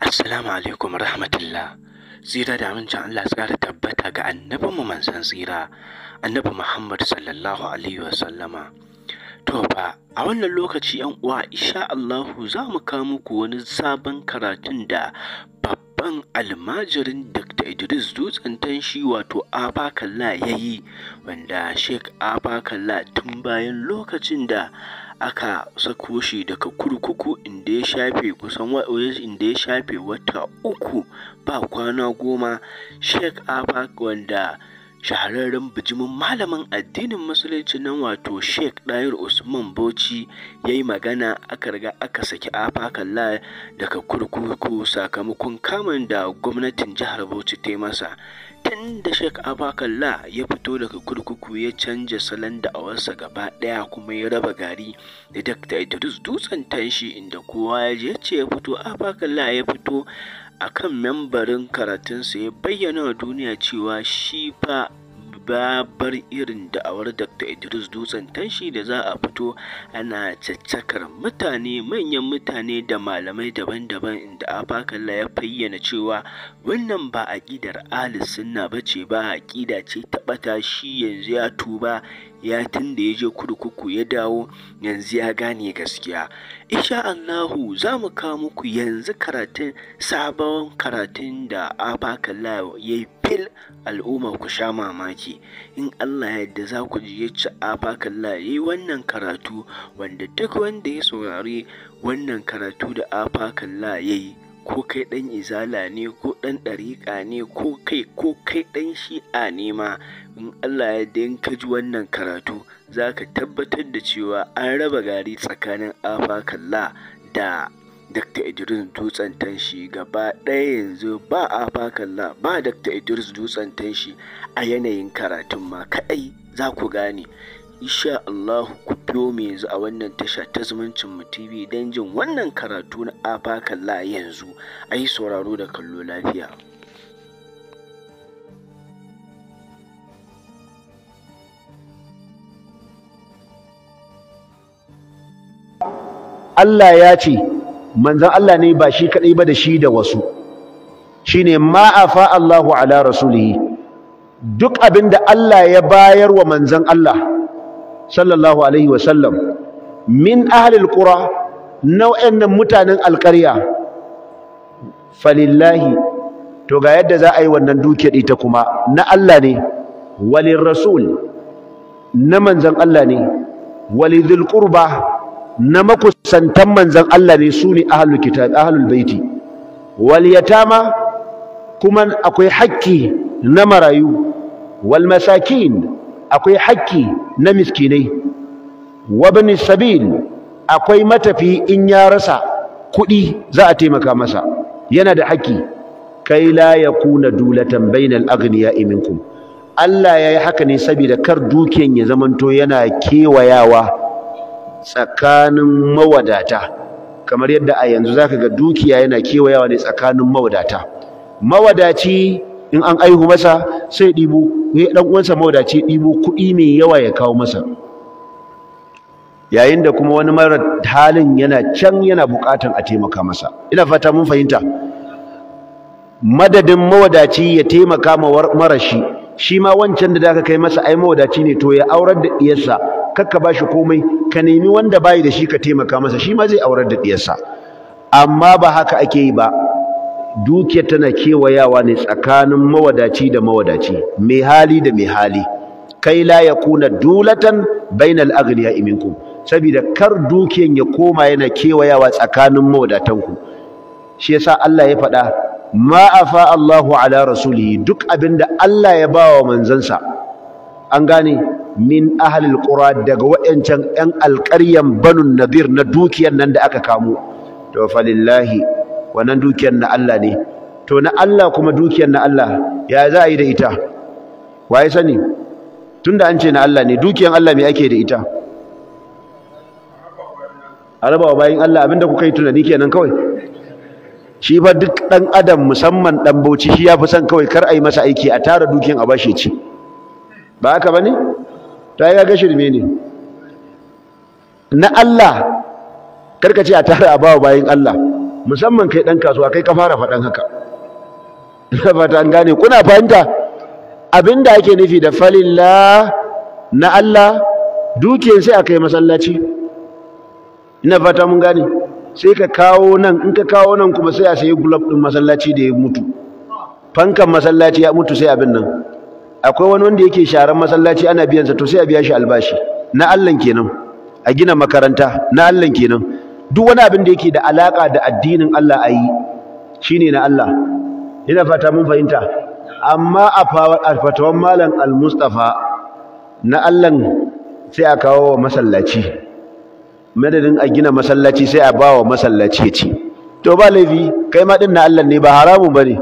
Assalamu alaikum rahmatullah. Tsira da amincin Allah tsara tabbata ga annabin mu manzon tsira, annabi Muhammad sallallahu alaihi wa sallama. To fa a wannan lokaci yan uwa insha Allah za mu kawo muku wani sabon karatun da babban almajirin Dr. Idris Dutsen Tanshi wato Abakalla ya yi wanda Sheikh Abakalla tun bayan lokacin da aka sako shi daga kurkuku inda ya shafe kusan inda ya shafe wata uku ba kwana goma sheikh afak wanda shahararren bijimin malamin addinin musulunci nan wato sheikh dayar usman bauchi ya yi magana aka riga aka saki afakalla daga kurkuku sakamakon kamun da gwamnatin jihar bauchi ta yi masa tun da Sheikh Abakalla ya fito daga kurkuku ya canja salon da'awarsa gaba ɗaya kuma ya raba gari da Dr. Idris Dutsen Tanshi inda kowa ya je ce ya fito Abakalla ya fito a kan membarin karatunsa ya bayyana wa duniya cewa shi fa babar irin da'awar Dr. Idris Dutsen tanshi da za a fito ana caccakar mutane manyan mutane da malamai daban-daban inda Afakalla ya fayyana cewa wannan ba aƙidar ahli Sunna ce ba aƙida ce ta ɓata shi yanzu ya tuba ya tun da ya je kurkuku ya dawo yanzu ya gane gaskiya isha Allahu za mu kawo muku yanzu karatun sabon karatun da Afakalla ya yi fil al'umma ku sha mamaki in Allah ya yarda za ku ji ci afa kalla yi wannan karatu wanda duk wanda ya saurari wannan karatu da afa kalla yi ko kai ɗan izala ne ko ɗan ɗariƙa ne ko kai ko kai ɗan shi'a ne ma in Allah ya in ka ji wannan karatu za ka tabbatar da cewa an raba gari tsakanin afa kalla da Dakta Idris Dutsen Tanshi gaba ɗaya yanzu ba a ba Dr. Idris Dutsen Tanshi a yanayin karatun ma kaɗai za ku gane. Insha Allah ku biyo mu yanzu a wannan tasha ta zumuncin mu TV don jin wannan karatu na Afakalla yanzu a yi sauraro da kallo lafiya. Allah ya ce manzon Allah ne ba shi kadai ba da shi da wasu shine ma afa Allahu ala rasulihi duk abinda Allah ya bayar wa manzon Allah sallallahu alaihi wa sallam min ahlil alqura nau'in mutanen alqarya falillahi to ga yadda za a yi wannan dukiyar ta kuma na Allah ne walil rasul na manzon Allah ne walidhil qurba na makusantan manzan Allah ne su ne ahalul baiti wal yatama kuma akwai haƙƙi na marayu wal masakin akwai haƙƙi na miskinai wabni sabil akwai matafi in ya rasa kuɗi za a taimaka masa yana da haƙƙi. kai la yakuna dulatan bainal aghniya'i minkum Allah ya yi haka ne saboda kar dukiyan ya zamanto yana kewayawa tsakanin mawadata kamar yadda a yanzu zaka ga dukiya yana kewayawa ne tsakanin mawadata mawadaci in an aihu masa sai ɗibo ya yi uwansa mawadaci ɗibo kuɗi mai yawa ya kawo masa yayin da kuma wani mara halin yana can yana buƙatan a taimaka masa ina fata mun fahimta madadin mawadaci ya taimaka ma marashi shi ma wancan da zaka kai masa ai mawadaci ne to ya aurar da iyarsa kakka shi komai ka nemi wanda bai da shi ka taimaka masa shi ma zai aurar da diyarsa amma ba haka ake yi ba dukiyar tana kewayawa ne tsakanin mawadaci da mawadaci mai hali da mai hali kai la yakuna dulatan bainal aghniya minkum saboda kar dukiyar ya koma yana kewayawa tsakanin mawadatanku shi yasa Allah ya faɗa ma afa Allahu ala rasulihi duk abinda Allah ya bawa manzansa an gane min ahalil ƙura daga wayancan yan alƙaryan banun nadir na dukiyar nan da aka kamo to falillahi wannan dukiyar na Allah ne to na Allah kuma dukiyar na Allah ya za a yi da ita waye sani tunda an ce na Allah ne dukiyar Allah me ake da ita A wa bayan Allah abinda kuka yi tunani kenan kawai shi fa duk ɗan adam musamman ɗan bauchi shi ya fi son kawai kar a yi masa aiki a tara dukiyar a bashi ce. ba haka ne? Ta yi ga shirme ne na Allah karkace a tara a bawa bayan Allah musamman kai ɗan kasuwa kai ka fara faɗan haka na fata an gane kuna fahimta abinda ake nufi da falilla na Allah dukiyar sai a kai masallaci ina fata mun gane sai ka kawo nan in ka kawo nan kuma sai a sayi gulab ɗin masallaci da ya mutu fankan masallaci ya mutu sai abin nan akwai wani wanda yake sharan masallaci ana biyan sa to sai a biya shi albashi na Allah kenan a gina makaranta na Allah kenan duk wani abin da yake da alaka da addinin Allah ayi shine na Allah ina fata mun fahimta amma a fatawan malam al-Mustafa na Allah sai a kawo wa masallaci madadin a gina masallaci sai a bawa masallaci ya to ba laifi kai ma din na Allah ne ba haramun bane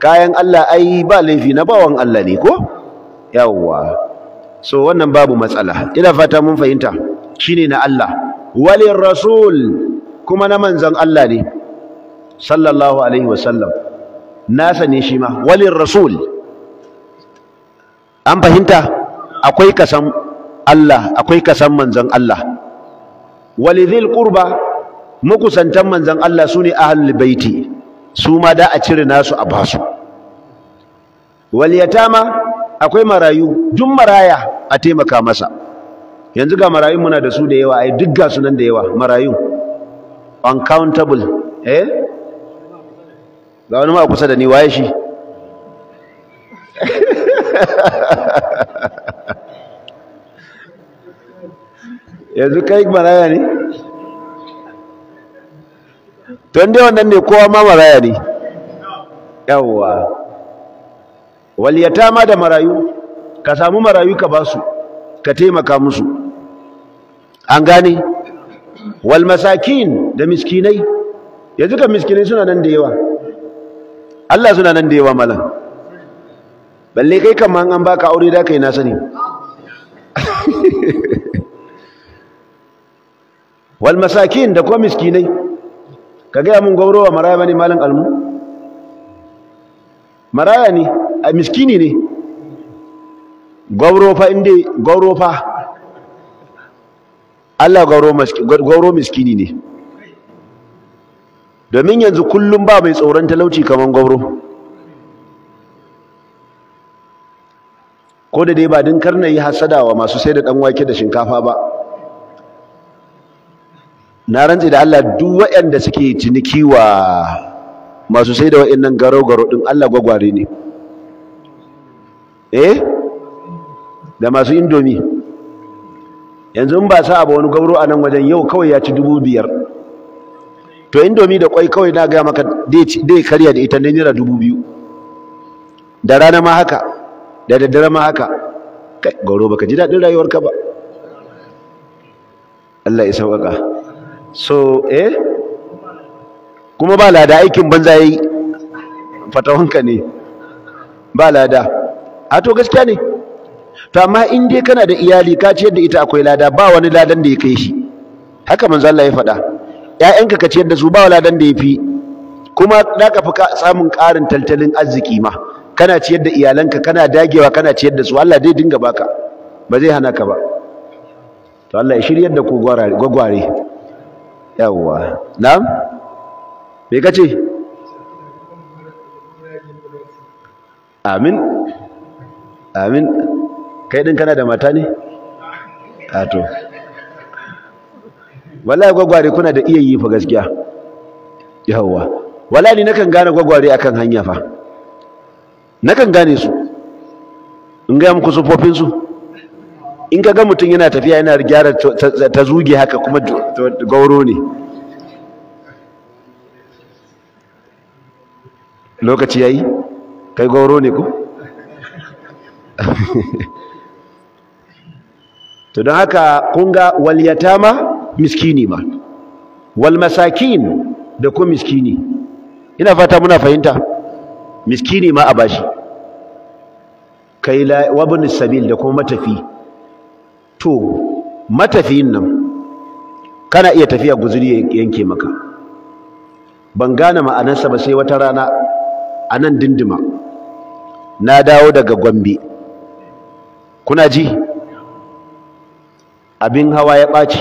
kayan Allah ai ba laifi na bawan Allah ne ko yawwa so wannan babu matsala ina fata mun fahimta shine na Allah walir rasul kuma na manzon Allah ne sallallahu alaihi wasallam nasa ne shi ma walir rasul an fahimta akwai kasan Allah akwai kasan manzon Allah walidhil qurba mukusantan manzon Allah sune ahlul baiti su ma da a cire nasu a basu wal yatama akwai marayu duk maraya a taimaka masa yanzu ga marayun muna da su da yawa ai duk ga su nan da yawa marayun uncountable eh ga wani ma kusa da ni waye shi yanzu kai maraya ne don dai wannan ne kowa ma maraya ne yawwa waliyata ma da marayu ka samu marayu ka ba su ka taimaka musu an gane wal masakin da miskinai yanzu kan miskinai suna nan da yawa Allah suna nan da yawa malam balle kai kaman an baka aure da kai na sani wal masakin da kuma miskinai ka gaya mun gauro ba maraya bane malin almu maraya ne a miskini ne gauro fa inda gauro fa Allah gauro miskini ne domin yanzu kullum ba mai tsoron talauci kamar gauro ko da dai ba din na yi hasada wa masu sai da dan wake da shinkafa ba na rantsi da Allah duk waɗanda suke ciniki wa masu sai da waɗannan garo-garo ɗin Allah gwagware ne eh da masu indomi yanzu in ba sa abu wani gauro a nan wajen yau kawai ya ci dubu biyar to indomi da kwai kawai na gaya maka dai karya da ita naira dubu biyu da rana ma haka da daddare ma haka gauro baka ji daɗin rayuwarka ba Allah ya sauƙaƙa so eh kuma ba lada aikin banza yi fatawanka ne ba lada a to gaskiya ne to amma in dai kana da iyali ka ciyar da ita akwai lada ba wani ladan da ya kai shi haka manzo Allah ya faɗa ƴaƴanka ka ciyar da su ba ladan da ya fi kuma ka fi samun ƙarin tattalin arziki ma kana ciyar da iyalanka kana dagewa kana ciyar da su Allah zai dinga baka ba zai hana ka ba to Allah ya shiryar da ku gwagware yawwa na'am me kace amin amin kai din kana da mata ne a to wallahi gwagware kuna da iya yi fa gaskiya yawwa wallahi na kan gane gwagware akan hanya fa Na kan gane su in ga muku sufofin su in ka ga mutum yana tafiya yana gyara ta zuge haka kuma gauro ne lokaci yayi kai gauro ne ku to don haka kunga wal yatama miskini ma wal masakin da ku miskini ina fata muna fahimta miskini ma a bashi kai wabin sabil da kuma matafi to matafiyin nan kana iya tafiya guzuri yanke maka ban gane ma'anarsa ba sai wata rana a nan dindima na dawo daga gombe kuna ji abin hawa ya ɓaci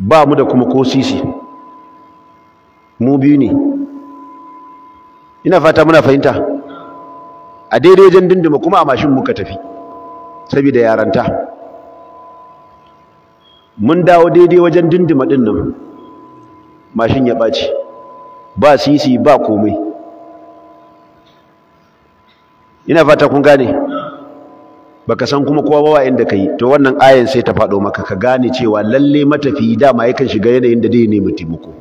ba mu da kuma ko sisi mu biyu ne ina fata muna fahimta a daidai jan dindima kuma a mashin muka tafi saboda yaranta mun dawo daidai wajen dindima din nan mashin ya ɓaci ba sisi ba komai ina fata kun gane baka san kuma kowa ba inda kai to wannan ayan sai ta faɗo maka ka gane cewa lalle matafi dama yakan shiga yanayin da dai nemi taimako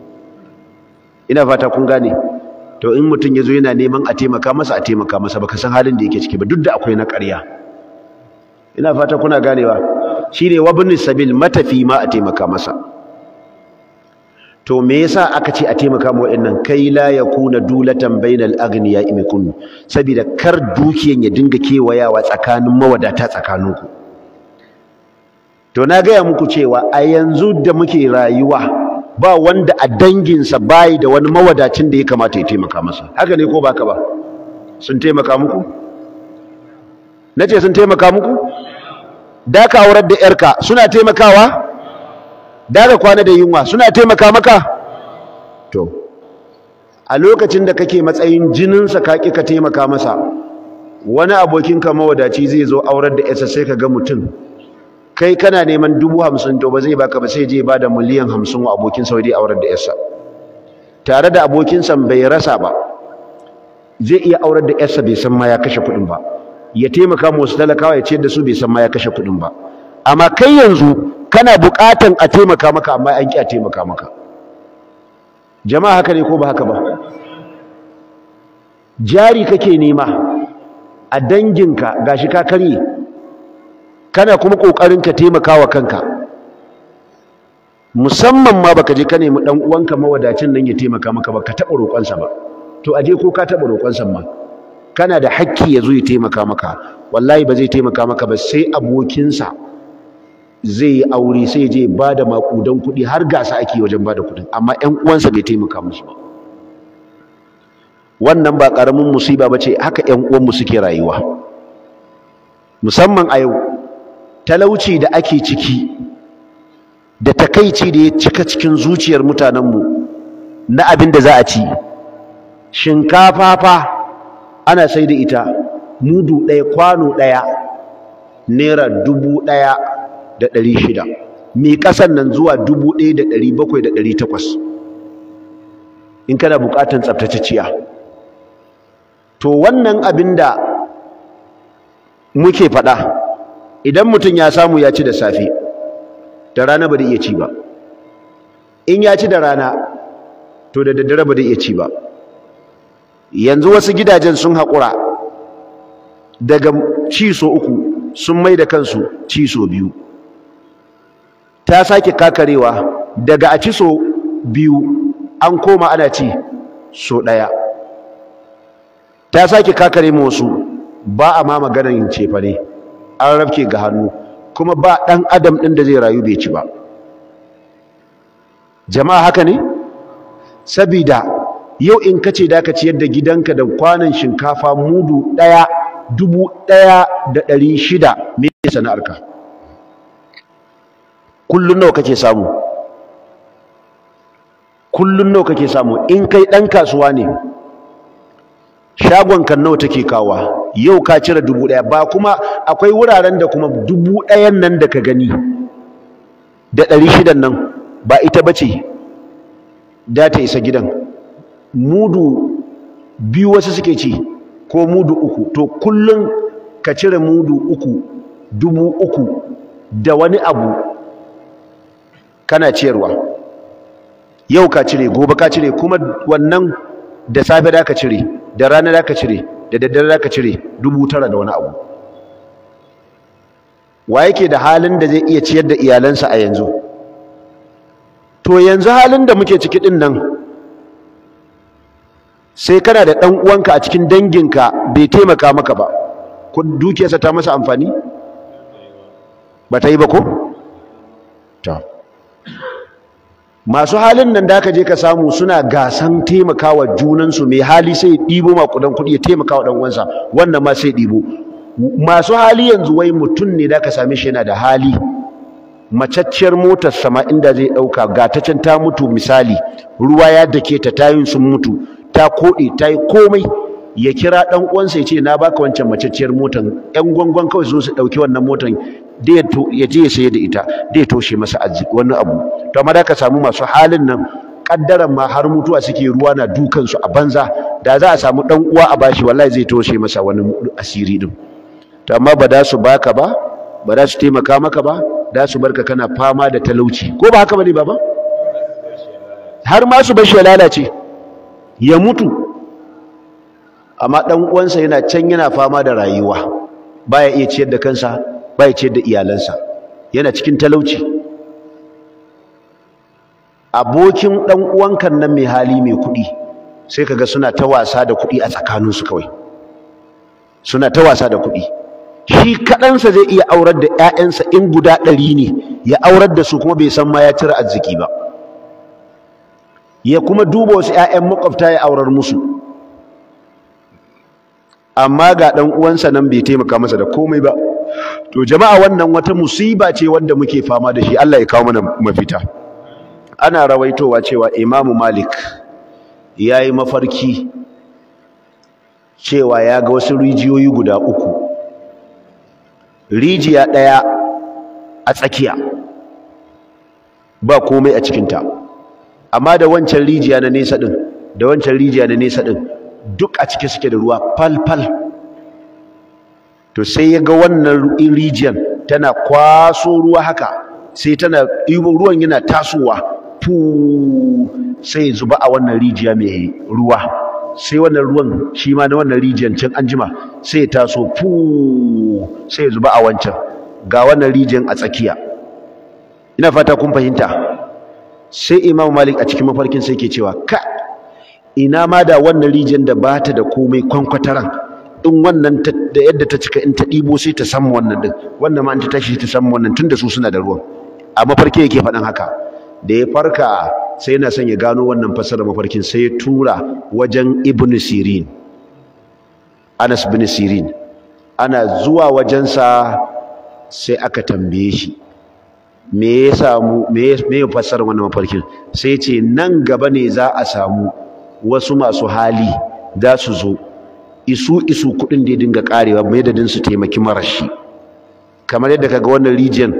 ina fata kun gane to in mutum ya zo yana neman a taimaka masa a taimaka masa baka san halin da yake ciki ba duk da akwai na ƙarya ina fata kuna ganewa shine wabni sabil matafi ma a taimaka masa to me yasa aka ce a taimaka mu nan? kai la yakuna dulatan bainal aghniya kunu, saboda kar dukiyan ya dinga kewayawa tsakanin mawadata tsakaninku to na gaya muku cewa a yanzu da muke rayuwa ba wanda a danginsa bayi da wani mawadacin da ya kamata ya taimaka masa haka ne ko baka ba sun taimaka muku na ce sun taimaka muku da ka aurar da yarka suna taimakawa da ka kwana da yunwa suna taimaka maka to a lokacin da kake matsayin jininsa ka ƙi ka taimaka masa wani abokinka mawadaci zai zo aurar da yarsa sai ka ga mutum kai kana neman dubu hamsin to ba zai baka ba sai je ba da miliyan hamsin wa abokin sa wadai aurar da yarsa tare da abokinsa bai rasa ba zai iya aurar da yarsa bai san ma ya kashe kuɗin ba ya taimaka mu wasu talakawa ya ciyar da su bai san ma ya kashe kuɗin ba amma kai yanzu kana buƙatan a taimaka maka amma an ƙi a taimaka maka jama'a haka ne ko ba haka ba jari kake nema a danginka gashi ka karye kana kuma ƙoƙarin ka taimaka wa kanka musamman ma baka je ka nemi ɗan uwanka mawadacin nan ya taimaka maka ba ka taɓa roƙonsa ba to aje ko ka taɓa roƙonsa ma kana da hakki ya zo ya taimaka maka wallahi ba zai taimaka maka ba sai abokinsa zai yi aure sai je ba da makudan kuɗi har gasa ake wajen ba da kuɗin amma ƴan uwansa bai taimaka musu ba wannan ba ƙaramin musiba ba ce haka ƴan uwanmu suke rayuwa musamman a yau talauci da ake ciki da takaici da ya cika cikin zuciyar mutanenmu na abin da za a ci shinkafa fa ana sai da ita mudu ɗaya kwano ɗaya naira dubu ɗaya da ɗari shida mai ƙasan nan zuwa dubu ɗaya da ɗari bakwai da ɗari takwas in kana buƙatar tsabtacciya to wannan abin da muke faɗa idan mutum ya samu ya ci da safe da rana ba da iya ci ba in ya ci da rana to da daddare ba da iya ci ba yanzu wasu gidajen sun haƙura daga ciso uku sun mai da kansu ciso biyu ta sake kakarewa daga a ciso biyu an koma ana ci so ɗaya ta sake kakare ma wasu ba a ma maganar yin cefa an rafke ga hannu kuma ba ɗan adam ɗin da zai rayu bai ci ba jama'a haka ne sabida yau in kace da ka ciyar da gidanka da kwanan shinkafa mudu ɗaya dubu ɗaya da ɗari shida me sana'arka Kullum nawa kake samu Kullum nawa kake samu in kai ɗan kasuwa ne shagon kan nawa take kawa yau ka cire dubu ɗaya ba kuma akwai wuraren da kuma dubu ɗayan nan da ka gani da ɗari shidan nan ba ita bace da ta isa gidan mudu biyu wasu suke ci ko mudu uku to kullum ka cire mudu uku dubu uku da wani abu kana ciyarwa yau ka cire gobe ka cire kuma wannan da safe da ka cire da rana da ka cire da daddare da ka cire dubu tara da wani abu wa yake da halin da zai iya ciyar da iyalansa a yanzu to yanzu halin da muke ciki din nan sai kana da ɗan uwanka a cikin danginka bai taimaka maka ba ko dukiyarsa ta masa amfani ba ta yi ba ko ta masu halin nan da aka je ka samu suna gasan taimakawa junansu mai hali sai ɗibo makudan kuɗi ya taimaka wa uwansa wannan ma sai ɗibo masu hali yanzu wai mutum ne da aka same shi yana da hali macacciyar motar sama inda zai ɗauka gatacen ta mutu misali ruwa ya dake ta tayin sun mutu ta koɗe ta yi komai ya kira ɗan uwansa ya ce na baka wancan macacciyar motan ƴan gwangwan kawai zo su ɗauki wannan motan da ya je ya saye da ita da ya toshe masa arziki wani abu to amma da ka samu masu halin nan kaddaran ma har mutuwa suke ruwa na dukan su a banza da za a samu ɗan uwa a bashi wallahi zai toshe masa wani asiri din to amma ba da su baka ba ba da su taimaka maka ba da su barka kana fama da talauci ko ba haka bane baba har ma su bashi ya lalace ya mutu amma dan uwansa yana can yana fama da rayuwa baya iya ciyar da kansa baya ciyar da iyalansa yana cikin talauci abokin dan uwanka nan mai hali mai kuɗi sai kaga suna ta wasa da kuɗi a tsakaninsu kawai suna ta wasa da kuɗi shi kaɗansa zai iya aurar da 'ya'yansa in guda ɗari ne ya aurar da su kuma bai san ma ya cire arziki ba ya kuma duba wasu 'ya'yan makwabta ya aurar musu amma ga ɗan uwansa nan bai taimaka masa da komai ba to jama'a wannan wata musiba ce wanda muke fama da shi Allah ya kawo mana mafita ana rawaitowa cewa Imamu Malik ya yi mafarki cewa ya ga wasu rijiyoyi guda uku rijiya ɗaya a tsakiya ba komai a cikinta amma da wancan rijiya na nesa din da wancan rijiya na nesa din duk a cike suke da ruwa falfal fal to sai ya ga wannan rijiyan tana kwaso ruwa haka sai tana ruwan yana tasowa fu sai zuba a wannan rijiya mai ruwa sai wannan ruwan shi ma na wannan rijiyan can anjima sai taso fu sai zuba a wancan ga wannan rijiyan a tsakiya ina fata kun fahimta sai imam malik a cikin mafarkin sai ke cewa ka ina ma da wannan rijiyar da bata da komai kwankwataran in wannan da yadda ta cika in ta ɗibo sai ta samu wannan din wannan ma in ta tashi ta samu wannan tunda su suna da ruwan a mafarkin yake faɗin haka da ya farka sai yana son ya gano wannan fassarar mafarkin sai ya tura wajen ibn sirin anas bin sirin ana zuwa wajensa sai aka tambaye shi me ya samu me ya fassara wannan mafarkin sai ce nan gaba ne za a samu wasu masu hali za su zo isu isu kudin da ya dinga karewa mai da su taimaki marashi kamar yadda kaga wannan region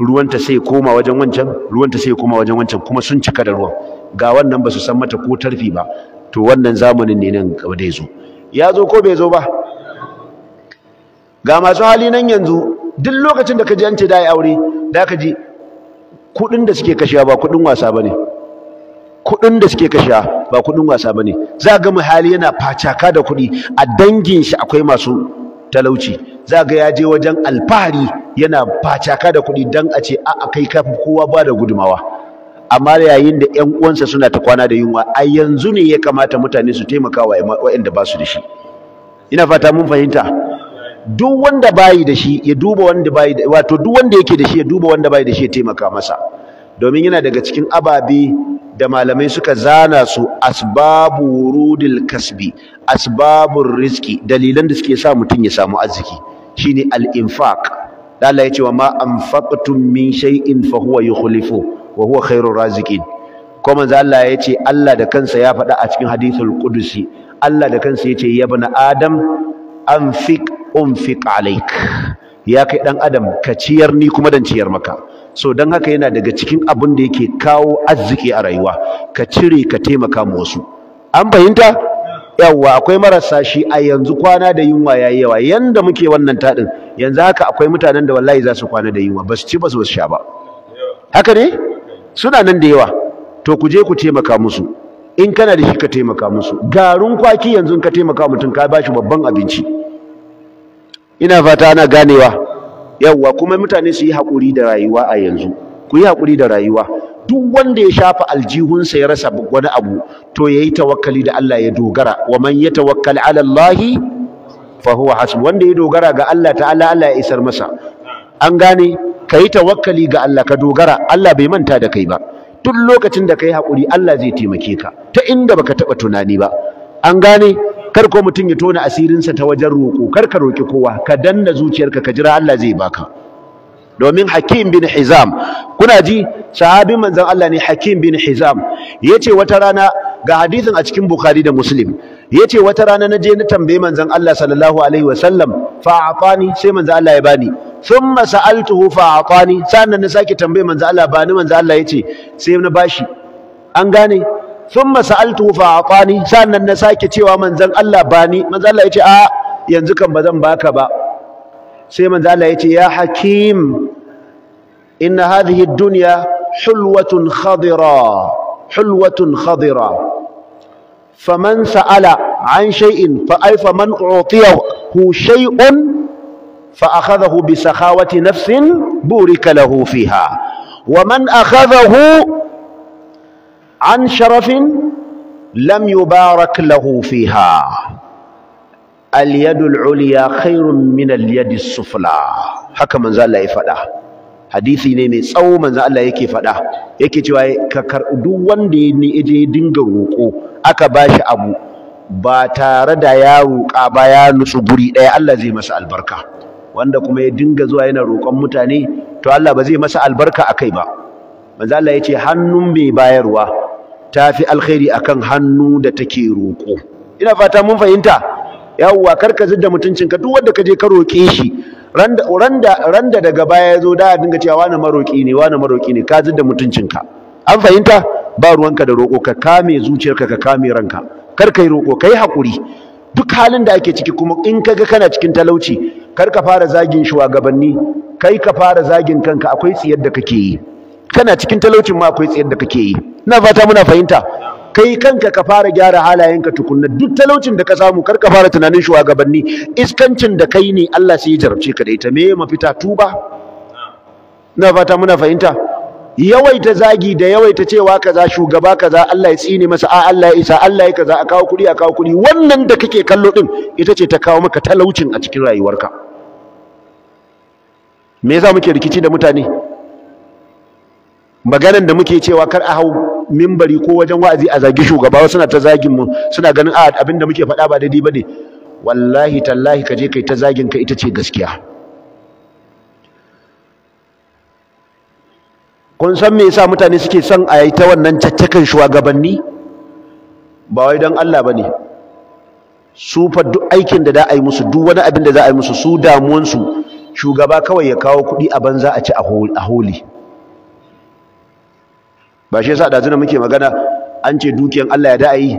ruwanta sai koma wajen wancan ruwanta sai koma wajen wancan kuma sun cika da ruwan ga wannan ba su san mata ko tarfi ba to wannan zamanin ne nan gaba da ya zo ya zo ko bai zo ba ga masu hali nan yanzu duk lokacin da ka ji an ce da aure da ka ji kuɗin da suke kashewa ba kuɗin wasa ba ne da suke kashewa ba kuɗin wasa bane za ga muhali yana facaka da kuɗi a dangin shi akwai masu talauci za ga ya je wajen alfahari yana facaka da kuɗi dan a ce a kai ka kowa ba da gudumawa amma yayin da ƴan uwansa suna ta kwana da yunwa a yanzu ne ya kamata mutane su taimaka wa waɗanda ba su da shi ina fata mun fahimta duk wanda bayi da shi ya duba wanda bayi da wato duk wanda yake da shi ya duba wanda bayi da shi ya taimaka masa domin yana daga cikin ababe da malamai suka zana su asbabu wurudil kasbi asbabur rizqi dalilan da suke sa mutun ya samu arziki shine al-infaq Allah yace wa ma anfaqtum min shay'in fa huwa yukhlifu wa huwa khairur raziqin kuma manzo Allah yace Allah da kansa ya faɗa a cikin hadithul qudusi Allah da kansa yace ya bani adam anfiq Umfik alaik ya kai dan adam ka ciyar ni kuma dan ciyar maka so dan haka yana daga cikin abin da yake kawo arziki a rayuwa ka cire ka taimaka mu wasu an fahimta yawa akwai marasa shi a yanzu kwana da yunwa yayi yawa yanda muke wannan tadin yanzu haka akwai mutanen da wallahi za su kwana da yunwa ba su ci ba su sha ba haka ne suna nan da yawa to ku je ku taimaka musu in kana da shi ka taimaka musu garin kwaki yanzu ka taimaka mutum ka bashi babban abinci ina fata ana ganewa yawwa kuma mutane su yi haƙuri da rayuwa a yanzu ku yi haƙuri da rayuwa duk wanda ya shafa aljihunsa ya rasa wani abu to ya yi tawakkali da Allah ya dogara wa man ya tawakkal ala Allahi fa huwa wanda ya dogara ga Allah ta'ala Allah ya isar masa an gane ka yi tawakkali ga Allah ka dogara Allah bai manta da kai ba duk lokacin da ka yi haƙuri Allah zai taimake ka ta inda baka taɓa tunani ba an gane kar ko mutum ya tona asirinsa ta wajen roƙo kar ka roƙi kowa ka danna zuciyarka ka jira Allah zai baka domin Hakim bin Hizam kuna ji sahabin manzon Allah ne Hakim bin Hizam yace wata rana ga hadisin a cikin Bukhari da Muslim yace wata rana naje na tambaye manzon Allah sallallahu alaihi wasallam fa sai manzon Allah ya bani thumma sa'altuhu fa atani sannan na sake tambaye manzon Allah bani manzon Allah yace sai na bashi an gane ثم سألته فأعطاني سأن النساك تيوى منزل الله باني من منزل الله يتي آه ينزك مبدن باك با سيمنزل الله يتي يا حكيم إن هذه الدنيا حلوة خضراء حلوة خضراء فمن سأل عن شيء فأي فمن أعطيه شيء فأخذه بسخاوة نفس بورك له فيها ومن أخذه an sharafin lam yubarak lahu fiha al-yadul ulya khairun min al-yadi sufla haka manzo Allah ya faɗa hadisi ne mai tsawo manzo Allah yake faɗa yake cewa ka karɓi duk wanda ya ne je dinga roƙo aka bashi abu ba tare da ya roƙa ba ya nutsu guri ɗaya Allah zai masa albarka wanda kuma ya dinga zuwa yana roƙon mutane to Allah ba zai masa albarka akai ba manzo Allah ce hannun mai bayarwa ta fi alkhairi akan hannu da take roƙo ina fata mun fahimta yawwa karka zidda mutuncinka duk wanda ka je ka roƙe shi randa randa randa daga baya ya zo da dinga cewa wani maroƙi ne wani maroƙi ne ka zidda mutuncinka an fahimta ba ruwanka da roko ka kame zuciyarka ka kame ranka kar ka yi roƙo ka yi duk halin da ake ciki kuma in kaga kana cikin talauci kar ka fara zagin shugabanni kai ka fara zagin kanka akwai tsiyar da kake yi kana cikin talaucin ma akwai tsiyar da kake yi ina fata muna fahimta kai kanka ka fara gyara halayenka tukunna duk talaucin da ka samu kar ka fara tunanin shugabanni iskancin da kai ne Allah sai ya jarabce ka da ita me mafita tuba ina fata muna fahimta yawaita zagi da yawaita cewa kaza shugaba kaza Allah ya tsine masa a Allah ya isa Allah ya kaza a kawo kuɗi a kawo kuɗi wannan da kake kallo din ita ce ta kawo maka talaucin a cikin rayuwarka me yasa muke rikici da mutane maganan da muke cewa kar a hau mimbari ko wajen wa'azi a zagi shugaba suna ta zagin mu suna ganin a ah, abin da muke faɗa ba daidai ba ne wallahi tallahi ka je kai ta zagin ka ita ce gaskiya kun san me yasa mutane suke son a yi ta wannan caccakan shugabanni ba wai don Allah ba ne su fa duk aikin da za a yi musu duk wani abin da za a yi musu su damuwansu shugaba kawai ya kawo kuɗi a banza a ci a holi ba shi yasa dazuna muke magana an ce dukiyan Allah ya da'ayi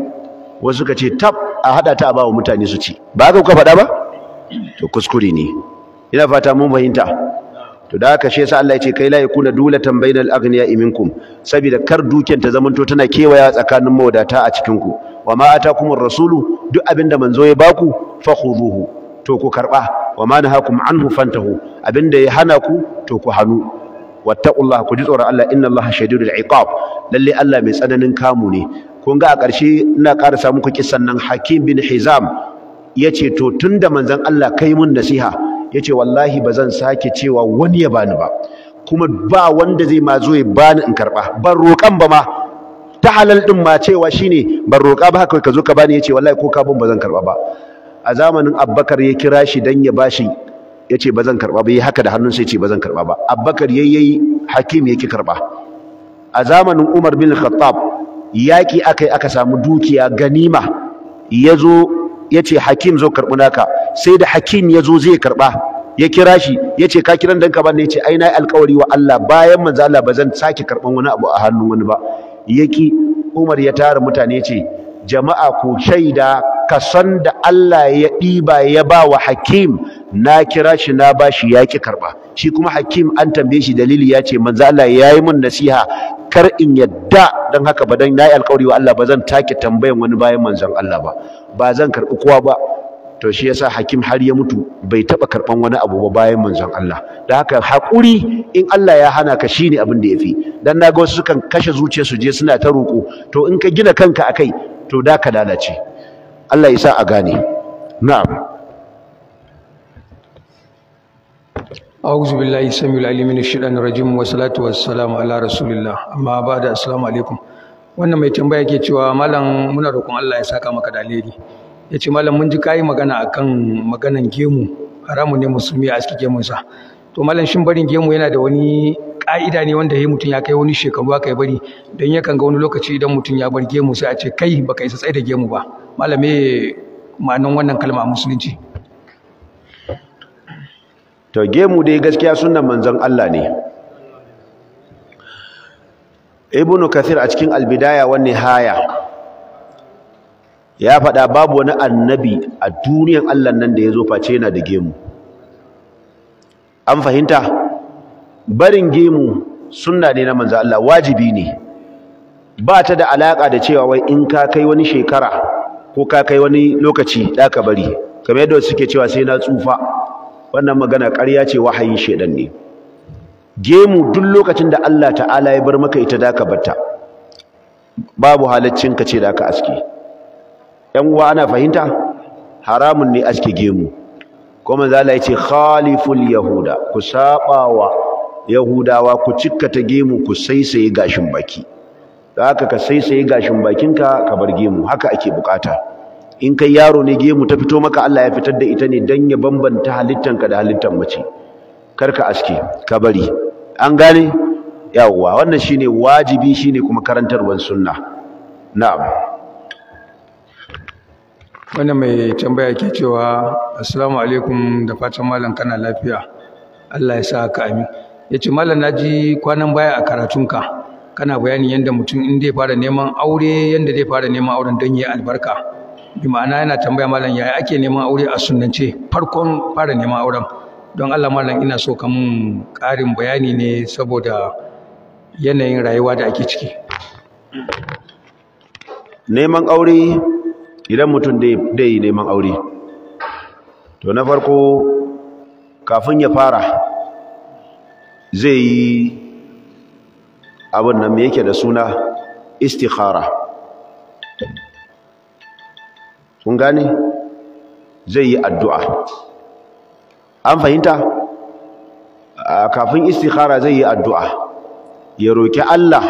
wasu suka ce tab a hada ta ba wa mutane su ci ba ga kuka faɗa ba to kuskure ne ina fata mun fahimta to da haka shi yasa Allah ya ce kai la yakuna dulatan bainal aghniya iminkum saboda kar dukiyan ta zamanto tana kewaya tsakanin mawadata a cikin ku wa ma atakumur rasulu duk abinda manzo ya baku fakhuduhu to ku karba wa ma nahakum anhu fantahu abinda ya hana ku to ku hanu wattaqullah ku ji tsoron Allah inna Allah shadidul iqab lalle Allah mai tsananin kamu ne kun ga a ƙarshe ina ƙarasa muku kissan nan Hakim bin Hizam yace to tunda manzon Allah kai mun nasiha yace wallahi bazan sake cewa wani ya bani ba kuma ba wanda zai ma zo ya bani in karba ban roƙan ba ma ta halal din ma cewa shine ban roƙa ba haka ka zo ka bani yace wallahi ko kafin bazan karba ba a zamanin Abubakar ya kira shi dan ya bashi ya ce ba zan karɓa ba yi haka da hannunsa ya ce ba zan karɓa ba abbakar ya yi hakim yake karɓa a zamanin umar bin khattab yaƙi aka yi aka samu dukiya ganima ya zo ya ce hakim zo karɓi naka sai da hakim ya zo zai karɓa ya kira shi ya ce ka kiran danka ba ne ya ce ai na yi alƙawari wa Allah bayan manzo Allah ba zan sake karɓan wani abu a hannun wani ba yaki Umar ya tara mutane ya ce jama'a ku shaida ka san da Allah ya ɗiba ya ba wa hakim na kira shi na ba shi ya ƙi karɓa shi kuma hakim an tambaye shi dalili ya ce manzo Allah ya yi mun nasiha kar in yadda don haka ba don na yi alƙawari wa Allah ba zan take tambayan wani bayan manzon Allah ba ba zan karɓi kowa ba to shi yasa hakim har ya mutu bai taɓa karɓan wani abu ba bayan manzon Allah da haka hakuri in Allah ya hana ka shi ne abin da ya fi dan na ga wasu sukan kashe su je suna ta roƙo to in ka gina kanka akai to da ka lalace Allah ya sa a gane na'am billahi samiul alim min ash-shaytanir rajim wa salatu wassalamu ala rasulillah amma ba'da assalamu alaikum wannan mai tambaya ke cewa malam muna roƙon Allah ya saka maka dalili. yace ya ce malam mun ji kayi magana akan maganan gemu haramu ne musulmi a cikin gemunsa to malam shin barin gemu yana da wani Ka'ida ne wanda ya mutum ya kai wani shekaru aka yi bari don yakan ga wani lokaci idan mutum ya bar gemu sai a ce kai baka isa tsaye da gemu ba malame ma'anin wannan kalma a musulunci to gemu dai gaskiya sunan manzon Allah ne Ibn kathir a cikin albidaya wani haya ya faɗa babu wani annabi a duniyan Allah nan da ya zo face yana da gemu an fahimta barin gemu sunna ne na manzo Allah wajibi ne ba ta da alaka da cewa wai in ka kai wani shekara ko ka kai wani lokaci da ka bari kamar yadda suke cewa sai na tsufa wannan magana ƙarya ce wahayin shedan ne gemu duk lokacin da Allah ta'ala ya bar maka ita da ka batta babu halaccin ka ce da ka aske yan uwa ana fahimta haramun ne aske gemu kuma manzo Allah ya ce khaliful yahuda ku saba wa yahudawa ku cika ta gemu ku saisaye gashin baki da haka ka saisaye gashin bakinka ka bar gemu haka ake bukata in kai yaro ne gemu ta fito maka Allah ya fitar da ita ne dan ya bambanta halittanka da halittan mace karka aske ka bari an gane yawwa wannan shine wajibi shine kuma karantarwar sunna na'am wannan mai tambaya ke cewa assalamu alaikum da fatan malam kana lafiya Allah ya sa ka amin ya ce mallam na ji kwanan baya a karatunka kana bayani yadda mutum in zai fara neman aure yadda zai fara neman auren don yi albarka bi ma'ana yana tambaya mallam yaya ake neman aure a sunance, farkon fara neman auren don Allah Mallam ina so ka mun ƙarin bayani ne saboda yanayin rayuwa da ake ciki neman aure idan mutum dai neman aure to na farko kafin ya fara zai yi abin nan me yake da suna istikhara kun gane zai yi addu'a an fahimta kafin istikhara zai yi addu'a ya roƙi Allah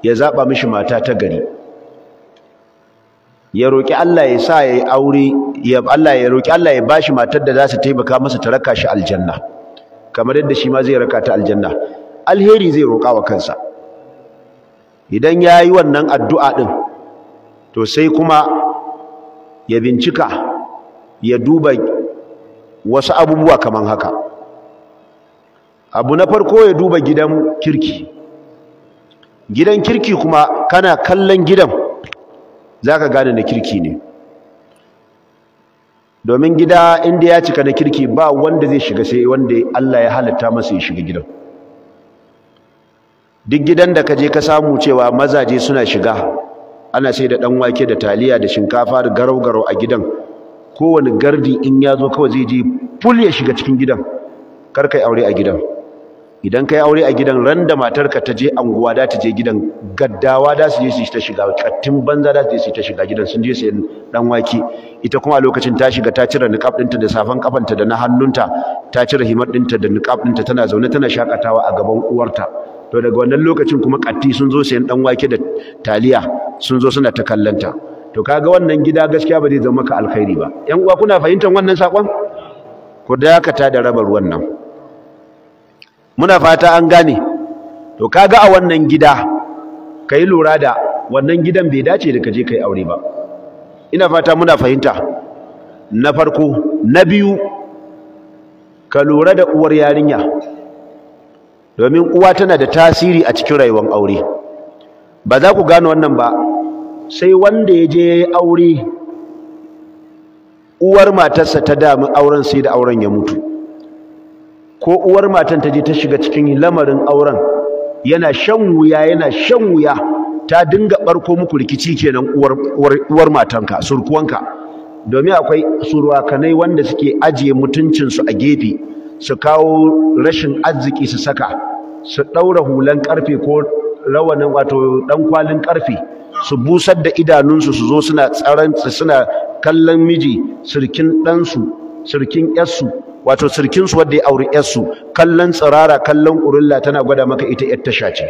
ya zaba mishi mata ta gari ya roƙi Allah ya sa ya yi aure ya Allah ya ba Allah ya bashi matar da za su taimaka masa ta raka shi aljanna kamar yadda shi ma zai raka ta aljanna alheri zai roƙa wa kansa idan ya yi wannan addu'a ɗin to sai kuma ya bincika ya duba wasu abubuwa kamar haka abu na farko ya duba gidan kirki gidan kirki kuma kana kallon gidan za ka gane na kirki ne domin gida inda ya cika da kirki ba wanda zai shiga sai wanda Allah ya halatta masa ya shiga gidan duk gidan da ka je ka samu cewa mazaje suna shiga ana sai da dan wake da taliya da shinkafa da garau-garau a gidan kowane gardi in ya zo kawai zai je ful ya shiga cikin gidan kar kai aure a gidan idan kai aure a gidan ran da matarka ta je anguwa da ta je gidan gaddawa da su je su ta shiga kattin banza da su je ta shiga gidan sun je su dan wake ita kuma lokacin ta shiga ta cire niqab dinta da safan kafanta da na hannunta ta cire himar ɗinta da niqab ɗinta tana zaune tana shakatawa a gaban uwarta to daga wannan lokacin kuma katti sun zo sayan dan wake da taliya sun zo suna ta kallanta to kaga wannan gida gaskiya ba zai zama maka alkhairi ba yan uwa kuna fahimtar wannan sakon ku dakata da rabar wannan muna fata an gane to kaga a wannan gida kai lura da wannan gidan bai dace da kaje kai aure ba ina fata muna fahimta na farko na biyu ka lura da uwar yarinya domin uwa tana da tasiri a cikin rayuwar aure ba za ku gane wannan ba sai wanda ya je aure uwar matarsa ta damu auren sai da auren ya mutu ko uwar matan ta je ta shiga cikin lamarin auren yana shan wuya yana shan wuya ta dinga barko muku rikici kenan uwar uwar matanka surkuwanka domin akwai surwakanai wanda suke ajiye mutuncinsu a gefe su kawo rashin arziki su saka su ɗaura hulan ƙarfe ko rawanin wato ɗan kwalin ƙarfe su busar da idanunsu su zo suna tsaron suna kallon miji sirkin ɗansu sirkin ƴarsu wato sirkinsu wadda ya auri yarsu kallon tsirara kallon ƙurilla tana gwada maka ita yar tasha ce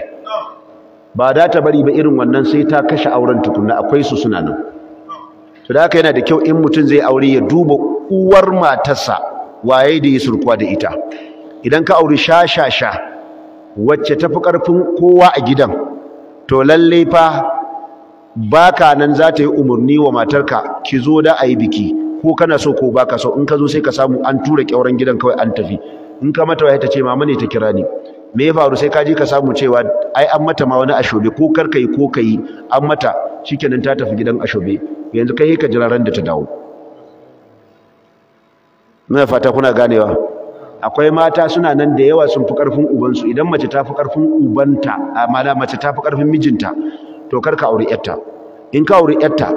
ba da ta bari ba irin wannan sai ta kashe auren tukunna akwai su suna nan to da haka yana da kyau in mutum zai aure ya duba uwar matarsa waye da ya surkuwa da ita idan ka auri sha sha sha wacce tafi karfin kowa a gidan to lalle fa baka nan za ta yi umarni wa matarka ki zo da ayi biki ko kana so ko baka so in ka zo sai ka samu an tura kyauran gidan kawai an tafi in ka mata waya ta ce mama ne ta kira ni me ya faru sai ka je ka samu cewa ai an mata ma wani ashobe ko kar kai ko kai an mata shikenan ta tafi gidan ashobe yanzu kai ka jira ran da ta dawo ina fata kuna ganewa akwai mata suna nan da yawa sun fi karfin ubansu idan mace ta fi karfin ubanta amma mace ta fi karfin mijinta to kar ka aure yarta in ka aure yarta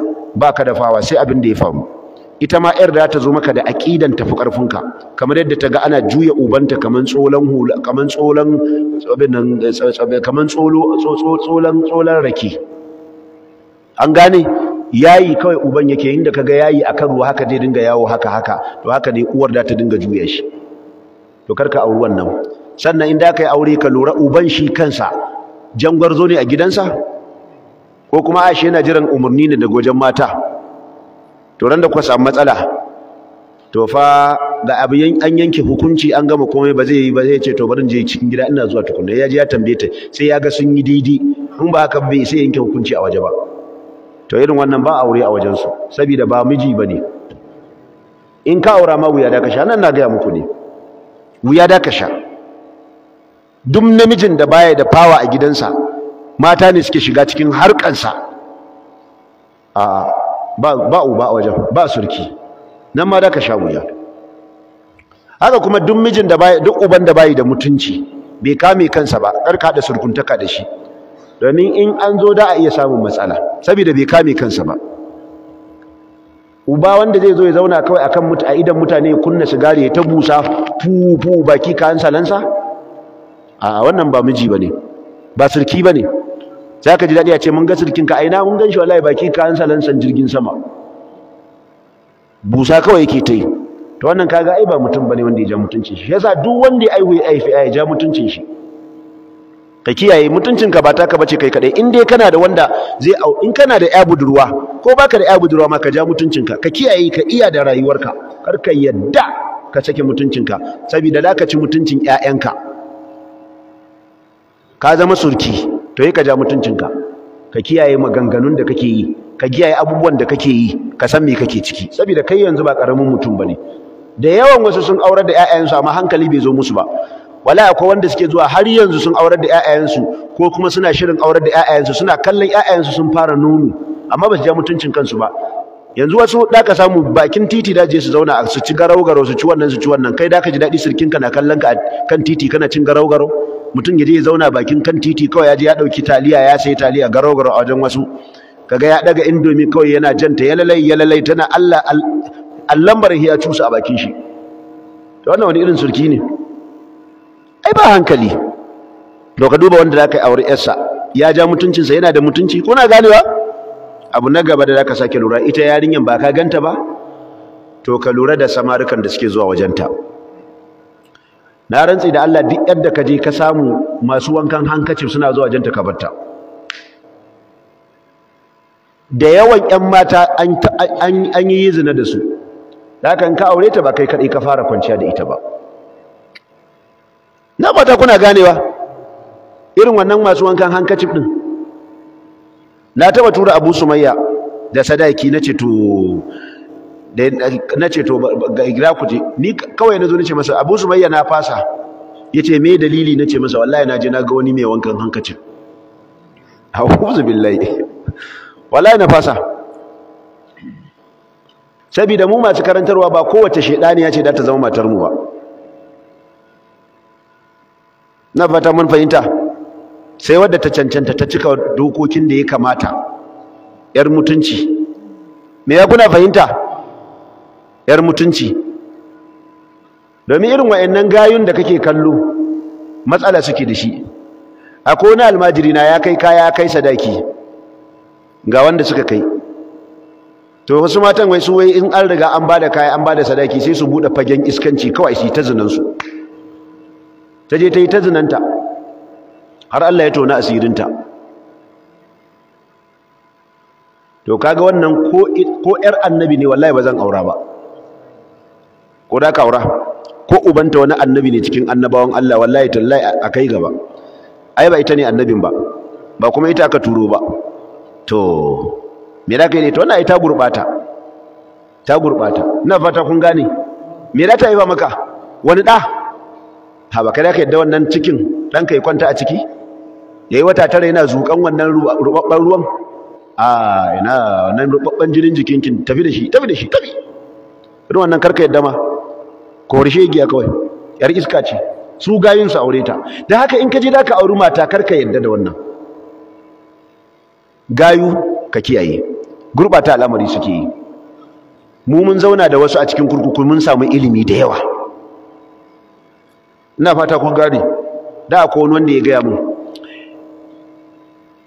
baka da fawa sai abin da ya faru ita ma yar da ta zo maka da aqidan tafi karfinka kamar yadda ta ga ana juya ubanta kamar tsolan hula kaman tsolan nan kamar tsolo tsolan tsolan rake an gane yayi kawai uban yake inda kaga yayi akan ruwa haka zai dinga yawo haka haka to haka ne uwar da ta dinga juya shi to karka auri wannan sannan in da kai aure ka lura uban shi kansa zo ne a gidansa ko kuma Aisha yana jiran umarni ne daga wajen mata to ran da kuka samu matsala to fa ga abu an yanke hukunci an gama komai ba zai yi ba zai ce to bari je cikin gida ina zuwa tukunna ya ji ya tambaye ta sai ya ga sun yi didi, in ba haka bai sai yanke hukunci a waje ba to irin wannan ba aure a wajen su saboda ba miji bane in ka aura ma wuya da ka sha nan na ga muku ne wuya da ka sha duk namijin da baya da fawa a gidansa mata ne suke shiga cikin harkansa a'a ba uba a wajen ba surki nan ma da ka sha wuya haka kuma duk mijin da bai duk uban da bai da mutunci bai kame kansa ba kar ka da surkuntaka da shi domin in an zo da a iya samun matsala saboda bai kame kansa ba uba wanda zai zo ya zauna kawai akan mutu a idan mutane ya kunna sigari ya ta busa fu fu baki kayan salansa a wannan ba miji bane ba surki bane Za ka ji daɗi a ce mun ga sirkin ka aina mun gan shi wallahi baki ka jirgin sama busa kawai yake ta yi Ta wannan kaga ai ba mutum bane wanda ya ja mutuncin shi yasa duk wanda ya aihu ya aifi ya ja mutuncin shi ka kiyaye mutuncinka ka ba taka bace kai kadai in dai kana da wanda zai au in kana da ya budurwa ko baka da ya budurwa ma ka ja mutuncinka, ka kiyaye ka iya da rayuwarka kar ka yadda ka sake mutuncinka, ka saboda da ka ci mutuncin ƴaƴanka ka zama surki to yi ka ja mutuncinka ka kiyaye maganganun da kake yi ka kiyaye abubuwan da kake yi ka san me kake ciki saboda kai yanzu ba karamin mutum bane da yawan wasu sun aurar da ƴaƴansu amma hankali bai zo musu ba wala akwai wanda suke zuwa har yanzu sun aurar da ƴaƴansu ko kuma suna shirin aurar da ƴaƴansu suna kallon ƴaƴansu sun fara nunu? amma ba su ja mutuncin kansu ba yanzu wasu da ka samu bakin titi da je su zauna su ci garau garau su ci wannan su ci wannan kai da ka ji daɗi sirkinka na kallon ka kan titi kana cin garau garau mutum ya je ya zauna bakin kan titi kawai ya je ya ɗauki taliya ya sai taliya garo garo a wajen wasu kaga ya ɗaga indomi kawai yana janta yalalai yalalai tana Allah allambar ya cusa a bakin shi to wannan wani irin surki ne ai ba hankali to ka duba wanda zaka yi aure yarsa ya ja mutuncinsa yana da mutunci kuna ganewa abu na gaba da zaka sake lura ita yarinyar ba ka ganta ba to ka lura da samarukan da suke zuwa wajenta na rantsi da Allah duk yadda ka je ka samu masu wankan hankacin suna zuwa janta ka da yawan ƴan mata an yi zina da su hakan ka aure ta ba kai kaɗai ka fara kwanciya da ita ba na fata kuna ganewa irin wannan masu wankan hankacin ɗin na taba tura abu sumayya da sadaki na ce to da na ce to ga ku je ni kawai na zo nace masa Abu Sumayya na fasa yace me dalili na ce masa wallahi na je na ga wani mai wankan hankacin a'udhu billahi wallahi na fasa saboda mu masu karantarwa ba kowace shedani ya ce da ta zama matar mu ba na fata mun fahimta sai wadda ta cancanta ta cika dokokin da ya kamata yar mutunci me ya kuna fahimta yar mutunci domin irin waɗannan gayun da kake kallo matsala suke da shi akwai na almajiri na ya kai kaya kai sadaki ga wanda suka kai to wasu matan wai su wai in an riga an bada kaya an bada sadaki sai su buɗe fagen iskanci kawai su ta zinansu. ta je ta yi ta zinanta har Allah ya tona asirinta to kaga wannan ko ko yar annabi ne wallahi ba zan aura ba ko da kaura ko ubanta wani annabi ne cikin annabawan Allah wallahi tallahi akai gaba ai ba ita ne annabin ba ba kuma ita aka turo ba to me da kai ne to wannan ita ta gurbata ta gurbata ina fata kun gane me da ta yi ba maka wani da ha ba kada ka yadda wannan cikin dan kai kwanta a ciki yayi wata tara yana zukan wannan rubabban ruwan a ina wannan rubabban jinin jikinkin tafi da shi tafi da shi tafi irin wannan karka yadda ma kore giya kawai yar iska ce su gayin su da dan haka in ka je zaka auri mata kar ka yadda da wannan gayu ka kiyaye gurbata al'amari suke yi mu mun zauna da wasu a cikin kurkuku mun samu ilimi da yawa ina fata kun gane da akwai wani wanda ya gaya mu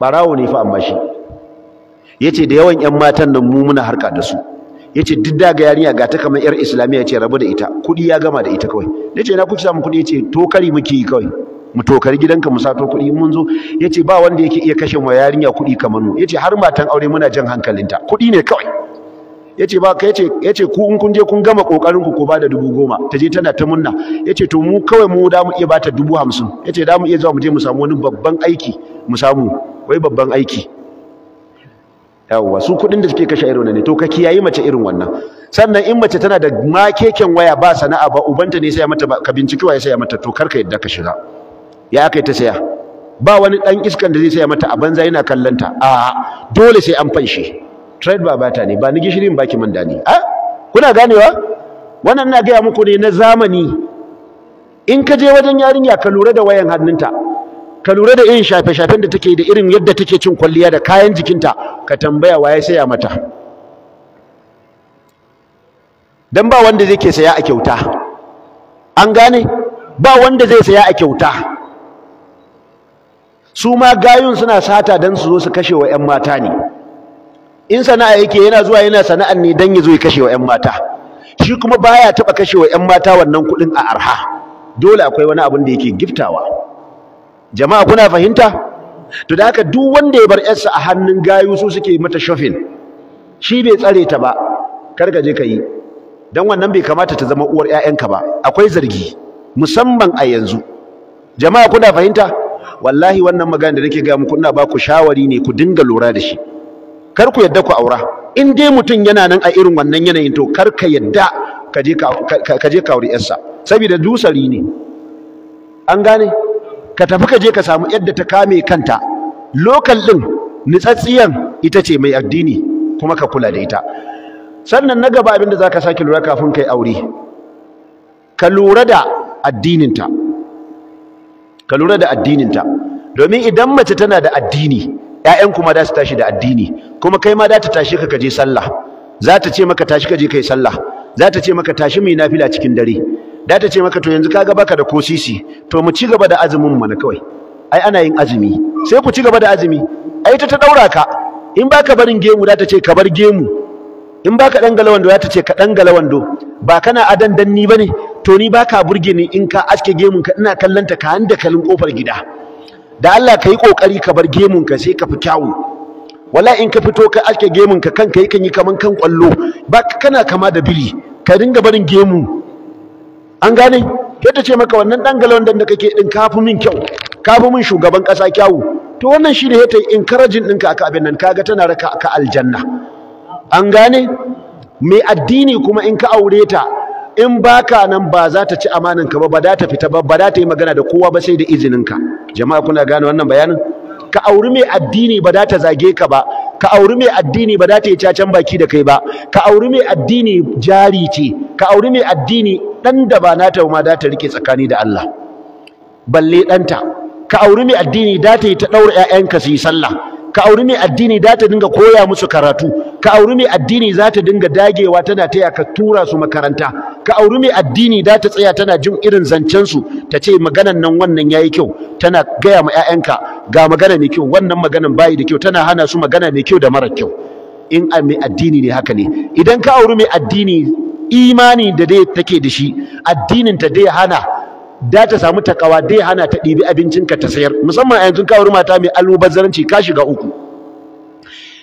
barawo ne fa amma shi yace da yawan yan matan nan mu muna harka da su Ya ce, duk daga ga yarinya ga ta kamar yar islamiyya ce rabu da ita kudi ya gama da ita kawai Ya ce na kuci samu kudi ya to kari muke yi kawai mu tokari gidanka mu sato kudi mun zo ce ba wanda yake iya kashe wa yarinya kudi kamar mu Ya ce har matan aure muna jan hankalinta kudi ne kawai yace ba kai ya ce ku in kun je kun gama kokarin ku ko ba da dubu goma ta je tana ta munna ce to mu kawai mu da mu iya bata dubu hamsin yace da mu iya zuwa mu je mu samu wani babban aiki mu samu wai babban aiki yawwa su kuɗin da suke kashe irin wannan ne to ka kiyayi mace irin wannan sannan in mace tana da makeken waya ba sana'a ba ubanta ne sai ya mata ka binciki waya sai ya mata to karka yadda ka shiga ya aka ta saya ba wani dan iskan da zai saya mata a banza yana kallanta a dole sai an fanshi trade ba bata ne ba ni gishirin baki man dani a kuna ganewa wannan na gaya muku ne na zamani in ka je wajen yarinya ka lura da wayan hannunta ka lura da irin shafe-shafen da take da irin yadda take cin kwalliya da kayan jikinta ka tambaya wa ya saya mata dan ba wanda zai ke saya a kyauta an gane ba wanda zai saya a kyauta su ma gayun suna sata dan su zo su kashe wa ƴan mata ne in sana'a yake yana zuwa yana sana'ar ne dan ya zo ya kashe wa ƴan mata shi kuma baya taba kashe wa ƴan mata wannan kuɗin a arha dole akwai wani abin da yake giftawa jama'a kuna fahimta to da haka duk wanda ya bar yarsa a hannun gayu su suke mata shofin shi bai tsare ta ba kar ka je ka yi dan wannan bai kamata ta zama uwar ƴaƴanka ba akwai zargi musamman a yanzu jama'a kuna fahimta wallahi wannan magana da nake ga muku ina ba ku shawari ne ku dinga lura da shi kar ku yadda ku aura in dai mutum yana nan a irin wannan yanayin to kar ka yadda ka je ka je ka aure yarsa saboda dusari ne an gane ka tafi ka je ka samu yadda ta kame kanta lokal din nitsatsiyan ita ce mai addini kuma ka kula da ita sannan na gaba abinda zaka sake lura kafin kai aure ka lura da addininta ka lura da addininta domin idan mace tana da addini ƴaƴan kuma da su tashi da addini kuma kai ma da ta tashi ka kaje sallah za ta ce maka tashi ka je kai sallah za ta ce maka tashi mu nafila cikin dare da ta ce maka to yanzu kaga baka da kosisi. to mu ci gaba da azumin kawai ai ana yin azumi sai ku ci gaba da azumi ai ta ta daura ka in baka barin gemu da ta ce ka bar gemu in baka dan galawan da ta ce ka dan do ba kana adan danni bane to ni baka burge ni in ka aske gemun ka ina kallanta ka handa kalin kofar gida da Allah ka yi kokari ka bar gemun ka sai ka fi kyawu wala in ka fito ka aske gemun ka kanka yakan yi kaman kan kwallo ba kana kama da biri ka dinga barin gemu an gane sai ta ce maka wannan dan galon da kake din kafu min kyau kafu min shugaban kasa kyawu to wannan shine ya ta encouraging ɗinka aka abin nan kaga tana raka ka aljanna an gane mai addini kuma in ka aure ta in baka nan ba za ta ci amananka ba ba za ta fita ba ba za ta yi magana da kowa ba sai da izinin ka jama'a kuna gane wannan bayanin ka auri mai addini ba za ta zage ka ba ka auri mai addini ba za ta yi cacan baki da kai ba ka auri mai addini jari ce ka auri mai addini dan da ba nata ma za ta rike tsakani da Allah balle danta ka auri mai addini za ta yi ta daura 'ya'yanka su yi sallah ka auri mai addini za ta dinga koya musu karatu ka auri mai addini za ta dinga dagewa tana taya ka tura su makaranta ka auri mai addini za ta tsaya tana jin irin zancen su ta ce maganan nan wannan ya yi kyau tana gaya ma 'ya'yanka ga magana mai kyau wannan maganan bayi da kyau tana hana su magana mai kyau da mara kyau in a mai addini ne haka ne idan ka auri mai addini imani da dai take da shi addinin ta dai hana da ta samu takawa dai hana ta ɗibi abincin ka ta sayar musamman a yanzu kawar mata mai almubazzaranci ka shiga uku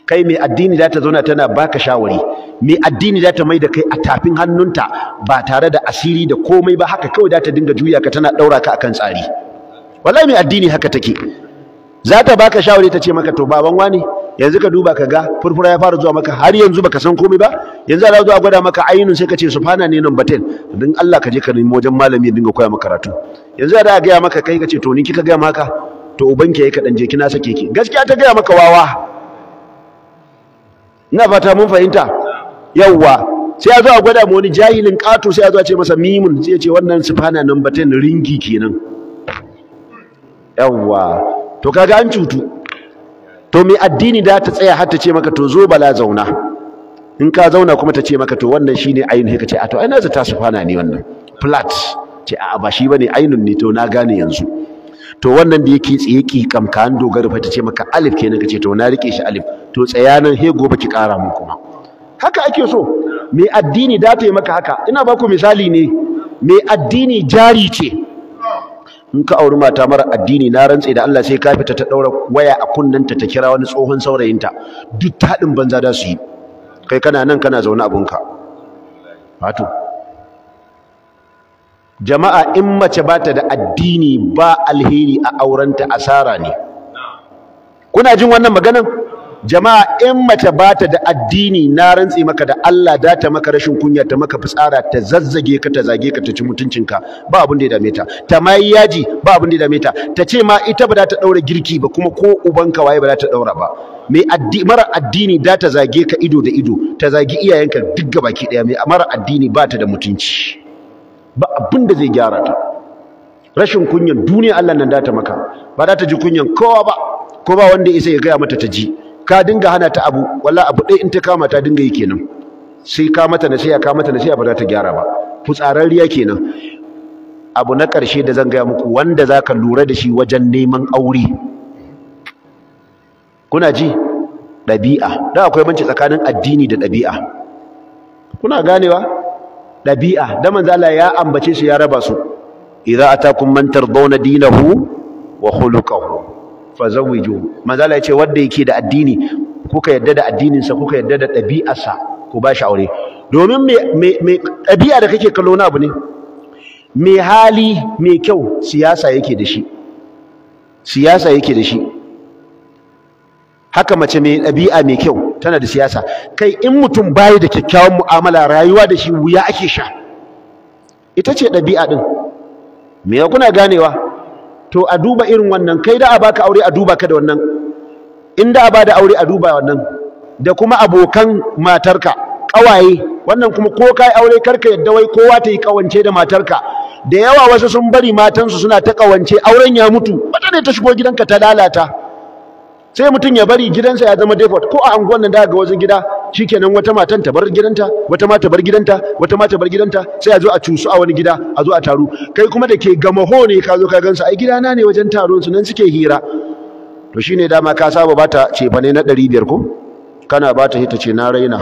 kai mai addini za ta zauna tana baka shawari mai addini za ta mai da kai a tafin hannunta ba tare da asiri da komai ba haka kawai za ta dinga juya ka tana ɗaura ka akan tsari wallahi mai addini haka take za ta baka shawari ta ce maka to baban wani yanzu ka duba ka ga furfura ya fara zuwa maka har yanzu baka san komai ba yanzu Allah zuwa gwada maka ainun sai ka ce subhana ne nan batin dan Allah ka je ka nemi wajen malami ya dinga koya maka karatu yanzu da ga ya maka kai ka ce to ni kika ga maka to ubanki yayi ka dan je kina sake ki gaskiya ta ga maka wawa ina fata mun fahimta yawwa sai ya zo a gwada mu wani jahilin kato sai ya zo a ce masa mimun sai ya ce wannan subhana nan batin ringi kenan yawwa to kaga an cutu to mai addini da ta tsaya har ta ce maka to zo bala zauna in ka zauna kuma ta ce maka to wannan shine ainihin ka ce a to ai naza ta fana ne wannan flat ce a ba shi bane ainun ne to na gane yanzu to wannan da yake tsiye ki an dogara fa ta ce maka alif kenan ka ce to na rike shi alif to tsayanan nan he gobe ki kara mu kuma haka ake so mai addini da ta yi maka haka ina ba ku misali ne mai addini jari ce in ka auri mata mara addini na rantse da Allah sai ka fita ta daura waya a kunnanta ta kira wani tsohon saurayinta duk taɗin banza da su yi kai kana nan kana zaune abunka wato jama'a in mace ba ta da addini ba alheri a aurenta asara ne kuna jin wannan maganan jama'a in mace ba ta da addini na rantsi maka da Allah da ta maka rashin kunya ta maka fitsara ta zazzage ka ta zage ka ta ci mutuncinka ba abin da ya dame ta ta mai yaji ba abin da ya dame ta ta ce ma ita ba za ta daura girki ba kuma ko ubanka waye ba za ta daura ba mai addini mara addini da ta zage ka ido da ido ta zagi iyayenka duk gabaki daya mai mara addini ba ta da mutunci ba abin da zai gyara ta rashin kunyan duniya Allah nan da ta maka ba za ta ji kunyan kowa ba ko ba wanda ya isa ya gaya mata ta ji ka dinga hana ta abu walla abu ɗaya in ta kama ta dinga yi kenan sai ka mata nasiha ka mata nasiha ba za ta gyara ba fitsararriya kenan abu na ƙarshe da zan gaya muku wanda za ka lura da shi wajen neman aure kuna ji ɗabi'a da akwai banci tsakanin addini da ɗabi'a kuna ganewa ɗabi'a da manzala ya ambace su ya raba su idza atakum man tardawna dinahu wa khuluquhu fazawiju manzala yace wanda yake da addini kuka yadda da addinin sa kuka yadda da sa ku ba shi aure domin me me ɗabi'a da kake kallo na abu ne me hali me kyau siyasa yake da shi siyasa yake da shi haka mace mai ɗabi'a mai kyau tana da siyasa kai in mutum bai da kyakkyawan mu'amala rayuwa da shi wuya ake sha ita ce ɗabi'a din. me kuna ganewa to a duba irin wannan kai da a baka aure a duba ka da wannan in a bada aure a duba wannan da kuma abokan matarka ƙawaye wannan kuma ko kai aure karka yadda wai kowa ta yi kawance da matarka da yawa wasu sun bari matansu suna ta kawance auren ya mutu wata ne ta shigo gidanka ta lalata sai mutum ya bari gidansa ya zama default ko a anguwan nan daga wasu gida shikenan wata matan ta bar gidanta wata ma ta bar gidanta wata ma ta bar gidanta sai a zo a cusu a wani gida a zo a taru kai kuma da ke ho ne ka zo ka gansu ai gidana ne wajen taron su nan suke hira to shine dama ka saba bata cefane na 500 ko kana bata hita ce na raina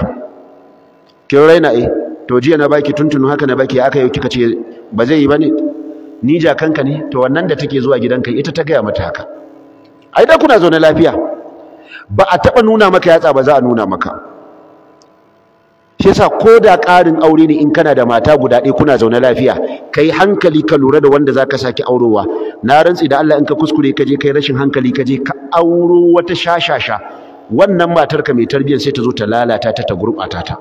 kin raina eh to jiya na baki tuntunu haka na baki aka yi kika ce ba zai yi bane ni jakanka ne to wannan da take zuwa gidanka ita ta gaya mata haka ai da kuna zaune lafiya ba a taɓa nuna maka yatsa ba za a nuna maka shi yasa ko da ƙarin aure ne in kana da mata guda ɗaya kuna zaune lafiya kai hankali ka lura da wanda za ka sake aurowa na rantsi da Allah in ka kuskure ka je kai rashin hankali ka je ka auro wata shashasha wannan matar ka mai tarbiyyar sai ta zo ta lalata ta ta gurɓata ta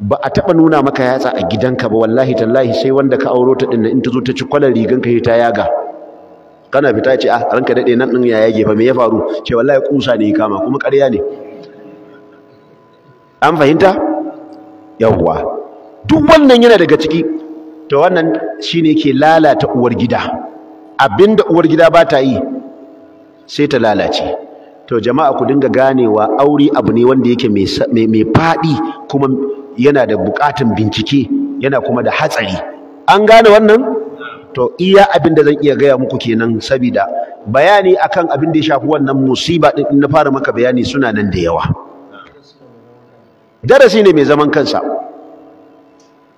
ba a taɓa nuna maka yatsa a gidanka ba wallahi tallahi sai wanda ka auro ta ɗin in ta zo ta ci kwalar riganka ta yaga kana fita ce a ah, ranka daɗe nan ɗin ya yage fa me ya faru ce wallahi kusa ne ya kama kuma ƙarya ne an fahimta yawwa duk wannan yana daga ciki to wannan shine yake lalata uwar gida abinda uwar gida ba ta yi sai ta lalace to jama'a ku dinga ganewa aure abu ne wanda yake mai faɗi kuma yana da bukatun bincike yana kuma da hatsari an gane wannan to iya abin da zan iya gaya muku kenan sabida bayani akan abin da ya shafi wannan musiba din in na fara maka bayani suna nan da yawa darasi ne mai zaman kansa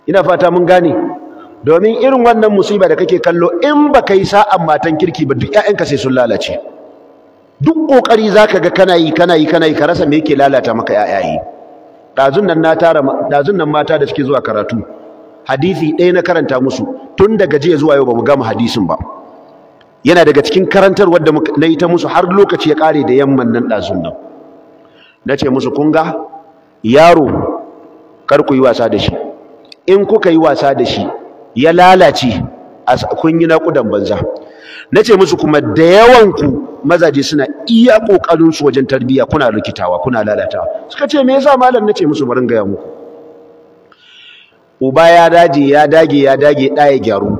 ina fata mun gane domin irin wannan musiba da kake kallo in baka yi sa'an matan kirki ba duk ka sai sun lalace duk kokari zaka ga kana yi kana yi kana yi ka rasa me yake lalata maka ‘ya’yayi ɗazun nan mata da suke zuwa karatu hadisi ɗaya na karanta musu tun daga jiya zuwa yau ba mu gama hadisin ba yana daga cikin karantar da na yi ta musu har lokaci ya kare da yamman nan ɗazun nan ce musu kun ga yaro kar yi wasa da shi in kuka yi wasa da shi ya lalace kun yi naƙudan banza na ce musu kuma da yawanku mazaje suna iya ƙoƙarinsu wajen tarbiyya kuna rikitawa kuna lalatawa suka ce me yasa malam na ce musu barin gaya muku uba ya dage ya dage ya dage ɗaya gyaru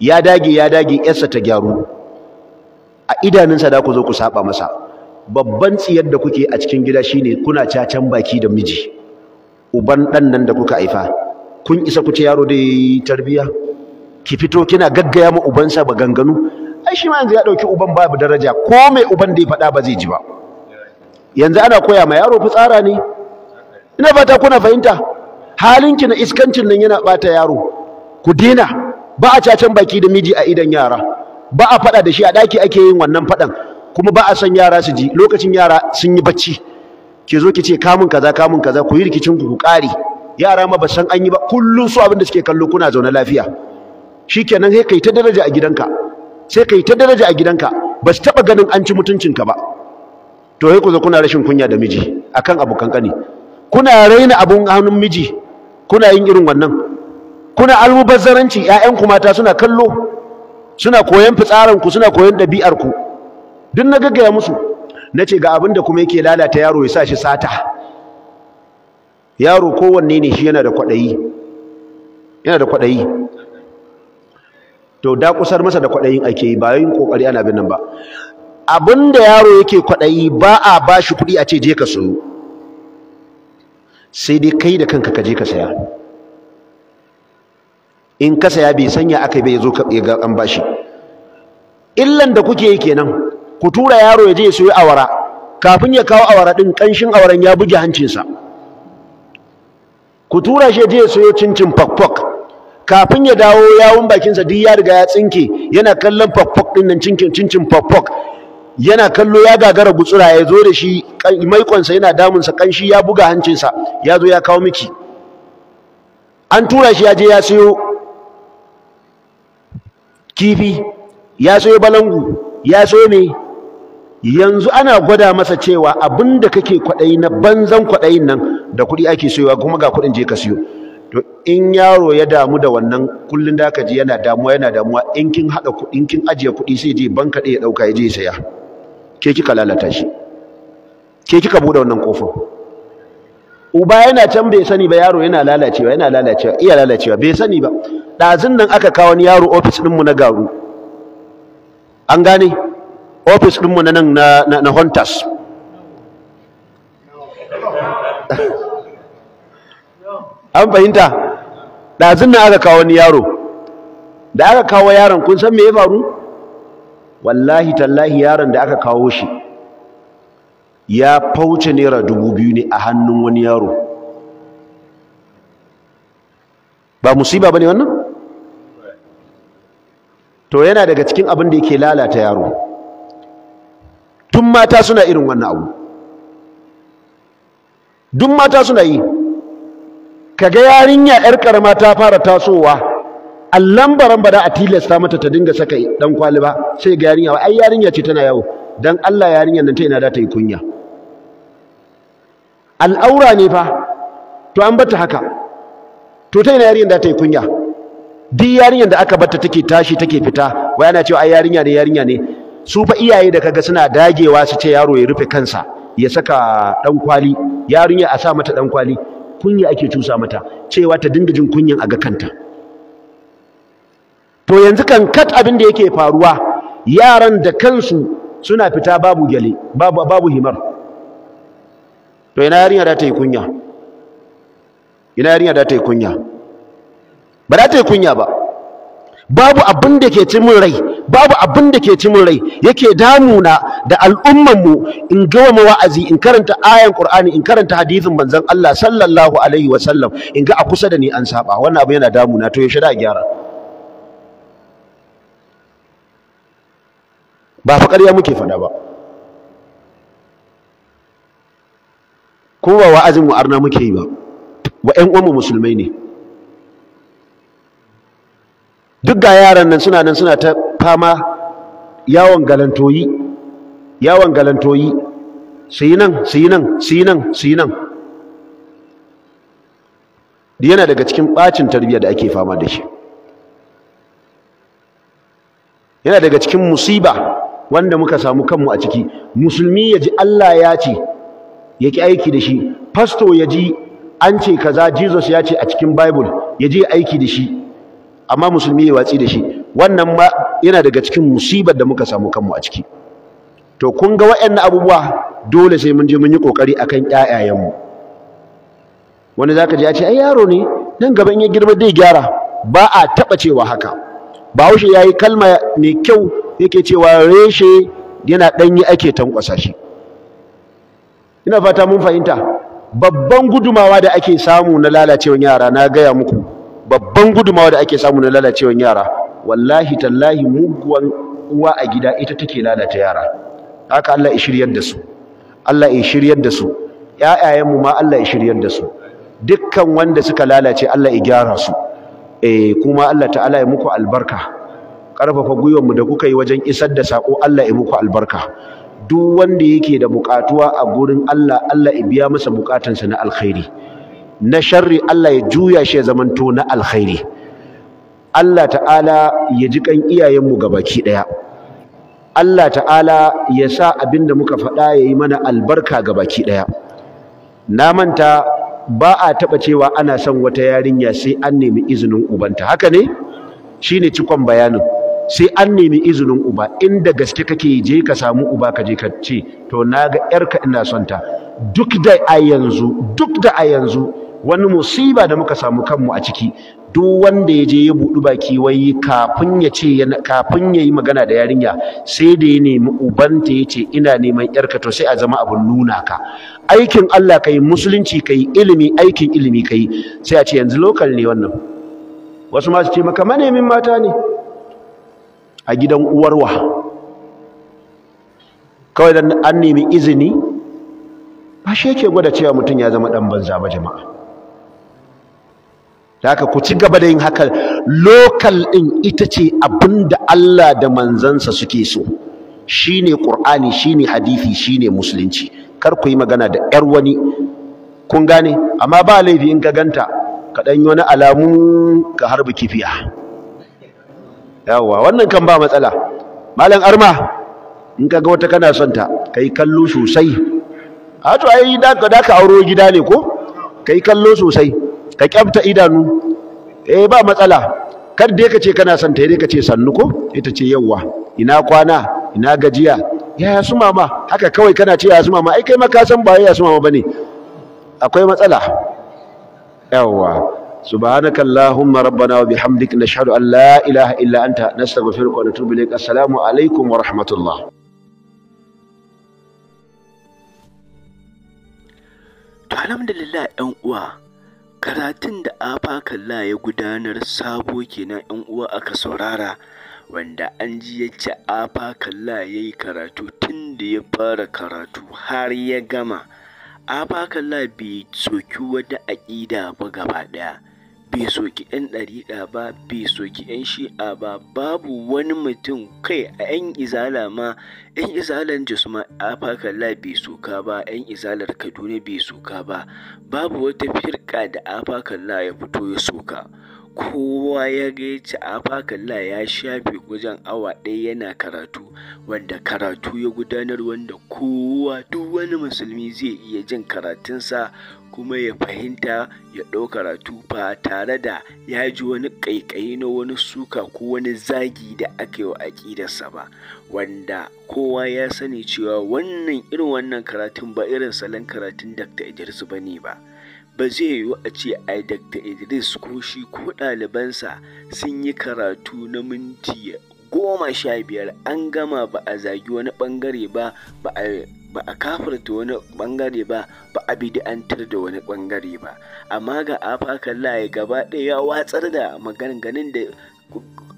ya dage ya dage yarsa ta gyaru a idanunsa da ku zo ku saba masa babban tsiyar da kuke a cikin gida shine kuna cacan baki da miji uban dan nan da kuka haifa kun isa kuce yaro da tarbiya ki fito kina gaggaya ma ubansa ba ganganu ai shi ma yanzu ya dauki uban babu daraja ko mai uban da ya faɗa ba zai ji ba yanzu ana koya ma yaro fitsara ne ina fata kuna fahimta halinki na iskancin nan yana bata yaro ku dena ba a cacan baki da miji a idan yara ba a faɗa da shi a ɗaki ake yin wannan faɗan kuma ba a san yara su ji lokacin yara sun yi bacci ke zo ki ce kamun kaza kamun kaza ku yi rikicin ku ƙare yara ma ba san an yi ba kullun su abin da suke kallo kuna zaune lafiya shikenan sai kai ta daraja a gidanka sai kai ta daraja a gidanka ba su taɓa ganin an ci mutuncin ka ba to sai ku zo kuna rashin kunya da miji akan abu kankani kuna raina abun hannun miji kuna yin irin wannan kuna almubazzaranci ƴaƴanku mata suna kallo suna koyon fitsaranku suna koyon ɗabi'arku duk na gaggaya musu na ce ga abin da kuma yake lalata yaro ya sa shi sata yaro kowanne ne shi yana da kwaɗayi yana da kwaɗayi to da kusar masa da kwaɗayin ake yi bayan ƙoƙari ana bin nan ba abin da yaro yake kwaɗayi ba a ba shi kuɗi a ce je ka sayo sai dai kai da kanka ka je ka saya in ka saya bai sanya aka bai zo ka ga an bashi illan da kuke yi kenan ku tura yaro ya je ya sayo awara kafin ya kawo awara din kanshin awaran ya buge hancinsa ku tura shi ya je ya sayo cincin fakfak kafin ya dawo yawun bakinsa duk ya riga ya tsinke yana kallon fakfak din nan cincin cincin fakfak yana kallo ya gagara gutsura ya zo da shi maikonsa yana damunsa kanshi ya buga hancinsa ya zo ya kawo miki an tura shi ya je ya sayo kifi ya sayo balangu ya sayo me yanzu ana gwada masa cewa abinda kake kwaɗayi na banzan kwaɗayin nan da kuɗi ake soyewa kuma ga kuɗin je ka siyo to in yaro ya damu da wannan kullun da ka ji yana damuwa yana damuwa in kin haɗa kudi in kin ajiye kuɗi sai je banka ɗaya ya ɗauka ya je ya saya ke kika lalata shi ke kika bude wannan kofin uba yana can bai sani ba yaro yana lalacewa yana lalacewa iya lalacewa bai sani ba ɗazun nan aka kawo wani yaro ofis ɗinmu na garu an gane ofis ɗinmu na nan na hunters an fahimta ɗazin na aka kawo wani yaro da aka kawo yaron kun san me ya faru wallahi tallahi yaron da aka kawo shi ya fauce naira dubu biyu ne a hannun wani yaro ba musiba ba ne wannan to yana daga cikin abin da yake lalata yaro tun mata suna irin wannan abu dun mata suna yi kaga yarinya yar karama ta fara tasowa allan baran bada a tilasta mata ta dinga saka dan kwali ba sai ga yarinya ai yarinya ce tana yawo dan Allah yarinyar nan ta ina da ta yi kunya al'aura ne fa to an bata haka to ta ina yarinyar da ta yi kunya duk yarinyar da aka bata take tashi take fita wai ana cewa ai yarinya ne yarinya ne su fa iyaye da kaga suna dagewa su ce yaro ya rufe kansa ya saka dan kwali yarinya a sa mata dan kwali kunya ake cusa mata cewa ta dinga jin kunyan a ga kanta to yanzu kan kat abin da yake faruwa yaran da kansu suna fita babu gele babu babu himar to ina yarinya da ta yi kunya ina yarinya da ta yi kunya ba za ta yi kunya ba babu abin da ke cimin rai babu abin da ke cimin rai yake damuna da al'ummanmu in gama wa'azi in karanta ayan qur'ani in karanta hadisin manzon Allah sallallahu alaihi sallam in ga a kusa da ni an saba wannan abu yana damuna to yaushe da gyara ba fa ƙarya muke faɗa ba Kuma ba wa'azin mu arna muke yi ba wa ƴan uwanmu musulmai ne duk ga yaran nan suna nan suna ta fama yawon galantoyi yawon galantoyi su yi nan su yi nan su yi nan su yi nan yana daga cikin ɓacin tarbiyya da ake fama da shi yana daga cikin musiba wanda muka samu kanmu a ciki musulmi ya ji Allah ya ce ya ki aiki da shi fasto ya ji an ce kaza jesus ya ce a cikin bible ya je aiki da shi amma musulmi ya watsi da shi wannan ma yana daga cikin musibar da muka samu kanmu a ciki to kun ga waɗannan abubuwa dole sai mun je mun yi kokari akan ƴaƴayenmu wani zaka ji a ce ai yaro ne nan gaban ya girma dai gyara ba a taba cewa haka bahaushe yayi kalma mai kyau yake cewa reshe yana danyi ake tankwasa shi ina fata mun fahimta babban gudumawa da ake samu na lalacewar yara na gaya muku babban gudumawa da ake samu na lalacewan yara wallahi tallahi muguwan uwa a gida ita take lalata yara haka Allah ya shiryar da su Allah ya shiryar da su mu ma Allah ya shiryar da su dukkan wanda suka lalace Allah ya gyara su eh kuma Allah ta'ala ya muku albarka karfafa gwiwanmu da kuka yi wajen isar da sako Allah ya muku albarka duk wanda yake da bukatuwa a gurin Allah Allah ya biya masa bukatansa na alkhairi na sharri Allah ya juya shi ya zamanto na alkhairi Allah ta'ala ya ji kan iyayenmu baki daya Allah ta'ala ya sa abin da muka faɗa ya yi mana albarka ga baki daya na manta ba a taɓa cewa ana son wata yarinya sai an nemi izinin ubanta haka ne shine cikon bayanin sai an nemi izinin uba inda gaske kake je ka samu uba ka je ka ce to naga yarka ina son ta duk da a yanzu duk da a yanzu wani musiba da muka samu kanmu a ciki duk wanda ya je ya buɗi baki wai kafin ya ce kafin ya yi magana da yarinya sai da ya nemi ubanta ya ce ina neman yarka to sai a zama abin nuna ka aikin Allah kai musulunci kai ilimi aikin ilimi kai sai a ce yanzu lokal ne wannan wasu masu ce maka manemin mata ne a gidan uwarwa kawai dan an nemi izini ba shi yake gwada cewa mutum ya zama dan banza ba jama'a haka ku ci gaba da yin haka lokal ɗin ita ce abinda Allah da manzansa suke so shine qur'ani shine hadisi shine musulunci kar ku yi magana da yar wani kun gane amma ba laifi in ka ganta ka dan wani alamu ka harbi kifiya yawa wannan kan ba matsala malam arma in ka ga wata kana son ta kai kallo sosai a to ai da ka auro gida ne ko kai kallo sosai ka kyamta idanu eh ba matsala kar dai kace kana son ta dai kace sannu ko ita ce yawa ina kwana ina gajiya Ya su mama haka kawai kana ce ya su mama ai kai ma ka san ba ya su mama bane akwai matsala yawa سبحانك اللهم ربنا وبحمدك نشهد أن لا إله إلا أنت نستغفرك ونتوب إليك السلام عليكم ورحمة الله to alhamdulillah yan uwa Karatun da Afa Kalla ya gudanar sabo kenan 'yan uwa aka saurara wanda an ji yacce Afa Kalla ya yi karatu tun da ya fara karatu har ya gama. Afa Kalla bai soki wata aƙida ba gaba ɗaya. bai soki 'yan ɗariɗa ba bai soki 'yan shi'a ba babu wani mutum kai a 'yan izala ma 'yan izalan jos ma afakalla bai soka ba 'yan izalar kaduna bai soka ba babu wata firka da afakalla ya fito ya soka kowa ya gaici afakalla ya shafe wajen awa ɗaya yana karatu wanda karatu ya gudanar wanda kowa duk wani musulmi zai iya jin karatunsa kuma ya fahimta ya ɗau karatu ba tare da ya ji wani ƙaiƙayi na wani suka ko wani zagi da aka yi wa aƙidarsa ba wanda kowa ya sani cewa wannan irin wannan karatun ba irin salon karatun dr idris ba ne ba ba zai yiwu a ce ai dr idris ko shi ko ɗalibansa sun yi karatu na minti goma sha biyar an gama ba a zagi wani ɓangare ba ba a ba a kafarta wani bangare ba ba a bid'antar da wani bangare ba amma ga afakalla ya gaba ɗaya ya watsar da maganganun da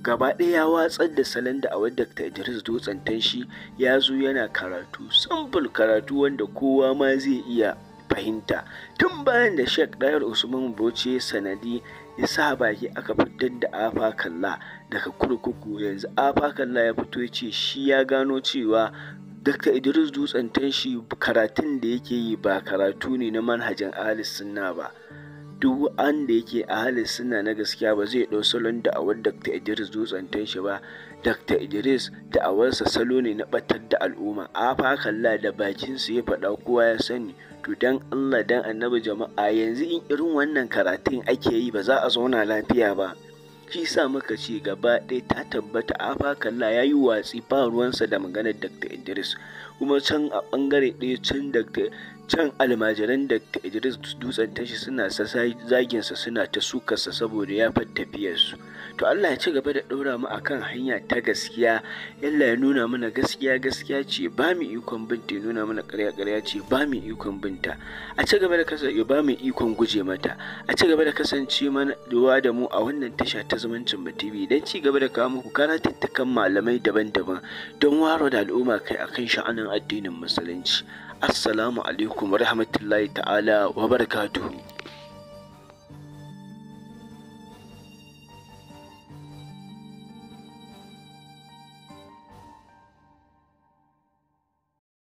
gaba ɗaya ya watsar da salon da wadda ta Idris Dutsen tanshi ya zo yana karatu simple karatu wanda kowa ma zai iya fahimta tun bayan da shek ɗayar Usman Bauchi sanadi ya sa baki aka fitar da afa kalla daga kurkuku yanzu afa kalla ya fito ya ce shi ya gano cewa Dr. Idris Dutsen Tanshi karatun da yake yi ba karatu ne na manhajin Ahalis Sunna ba. Duk wanda yake Ahalis Sunna na gaskiya ba zai ɗau salon da'awar Dr. Idris Dutsen Tanshi ba. Dr. Idris da'awarsa salo ne na batar da al'umma. A fa kalla da bakin su ya faɗa kowa ya sani. to dan Allah dan annabi jama'a yanzu in irin wannan karatun ake yi ba za a zauna lafiya ba fi sa maka ce gaba ɗaya ta tabbata afa kalla ya yi watsi ba ruwansa da maganar dr idris kuma can a ɓangare ɗaya can dr can almajiran dr idris dutsen tashi suna sa zaginsa suna ta sukarsa saboda ya fattafiyarsu to Allah ya ci gaba da ɗora mu akan hanya ta gaskiya Allah ya nuna mana gaskiya gaskiya ce ba mu ikon binta ya nuna mana ƙarya ƙarya ce ba mu ikon binta a ci gaba da kasance ba mu ikon guje mata a ci gaba da kasance mana da mu a wannan tasha ta zumuncin mu TV don ci gaba da kawo muku karatuttukan malamai daban-daban don waro da al'umma kai akan sha'anin addinin musulunci assalamu alaikum rahmatullahi ta'ala wa barakatuhu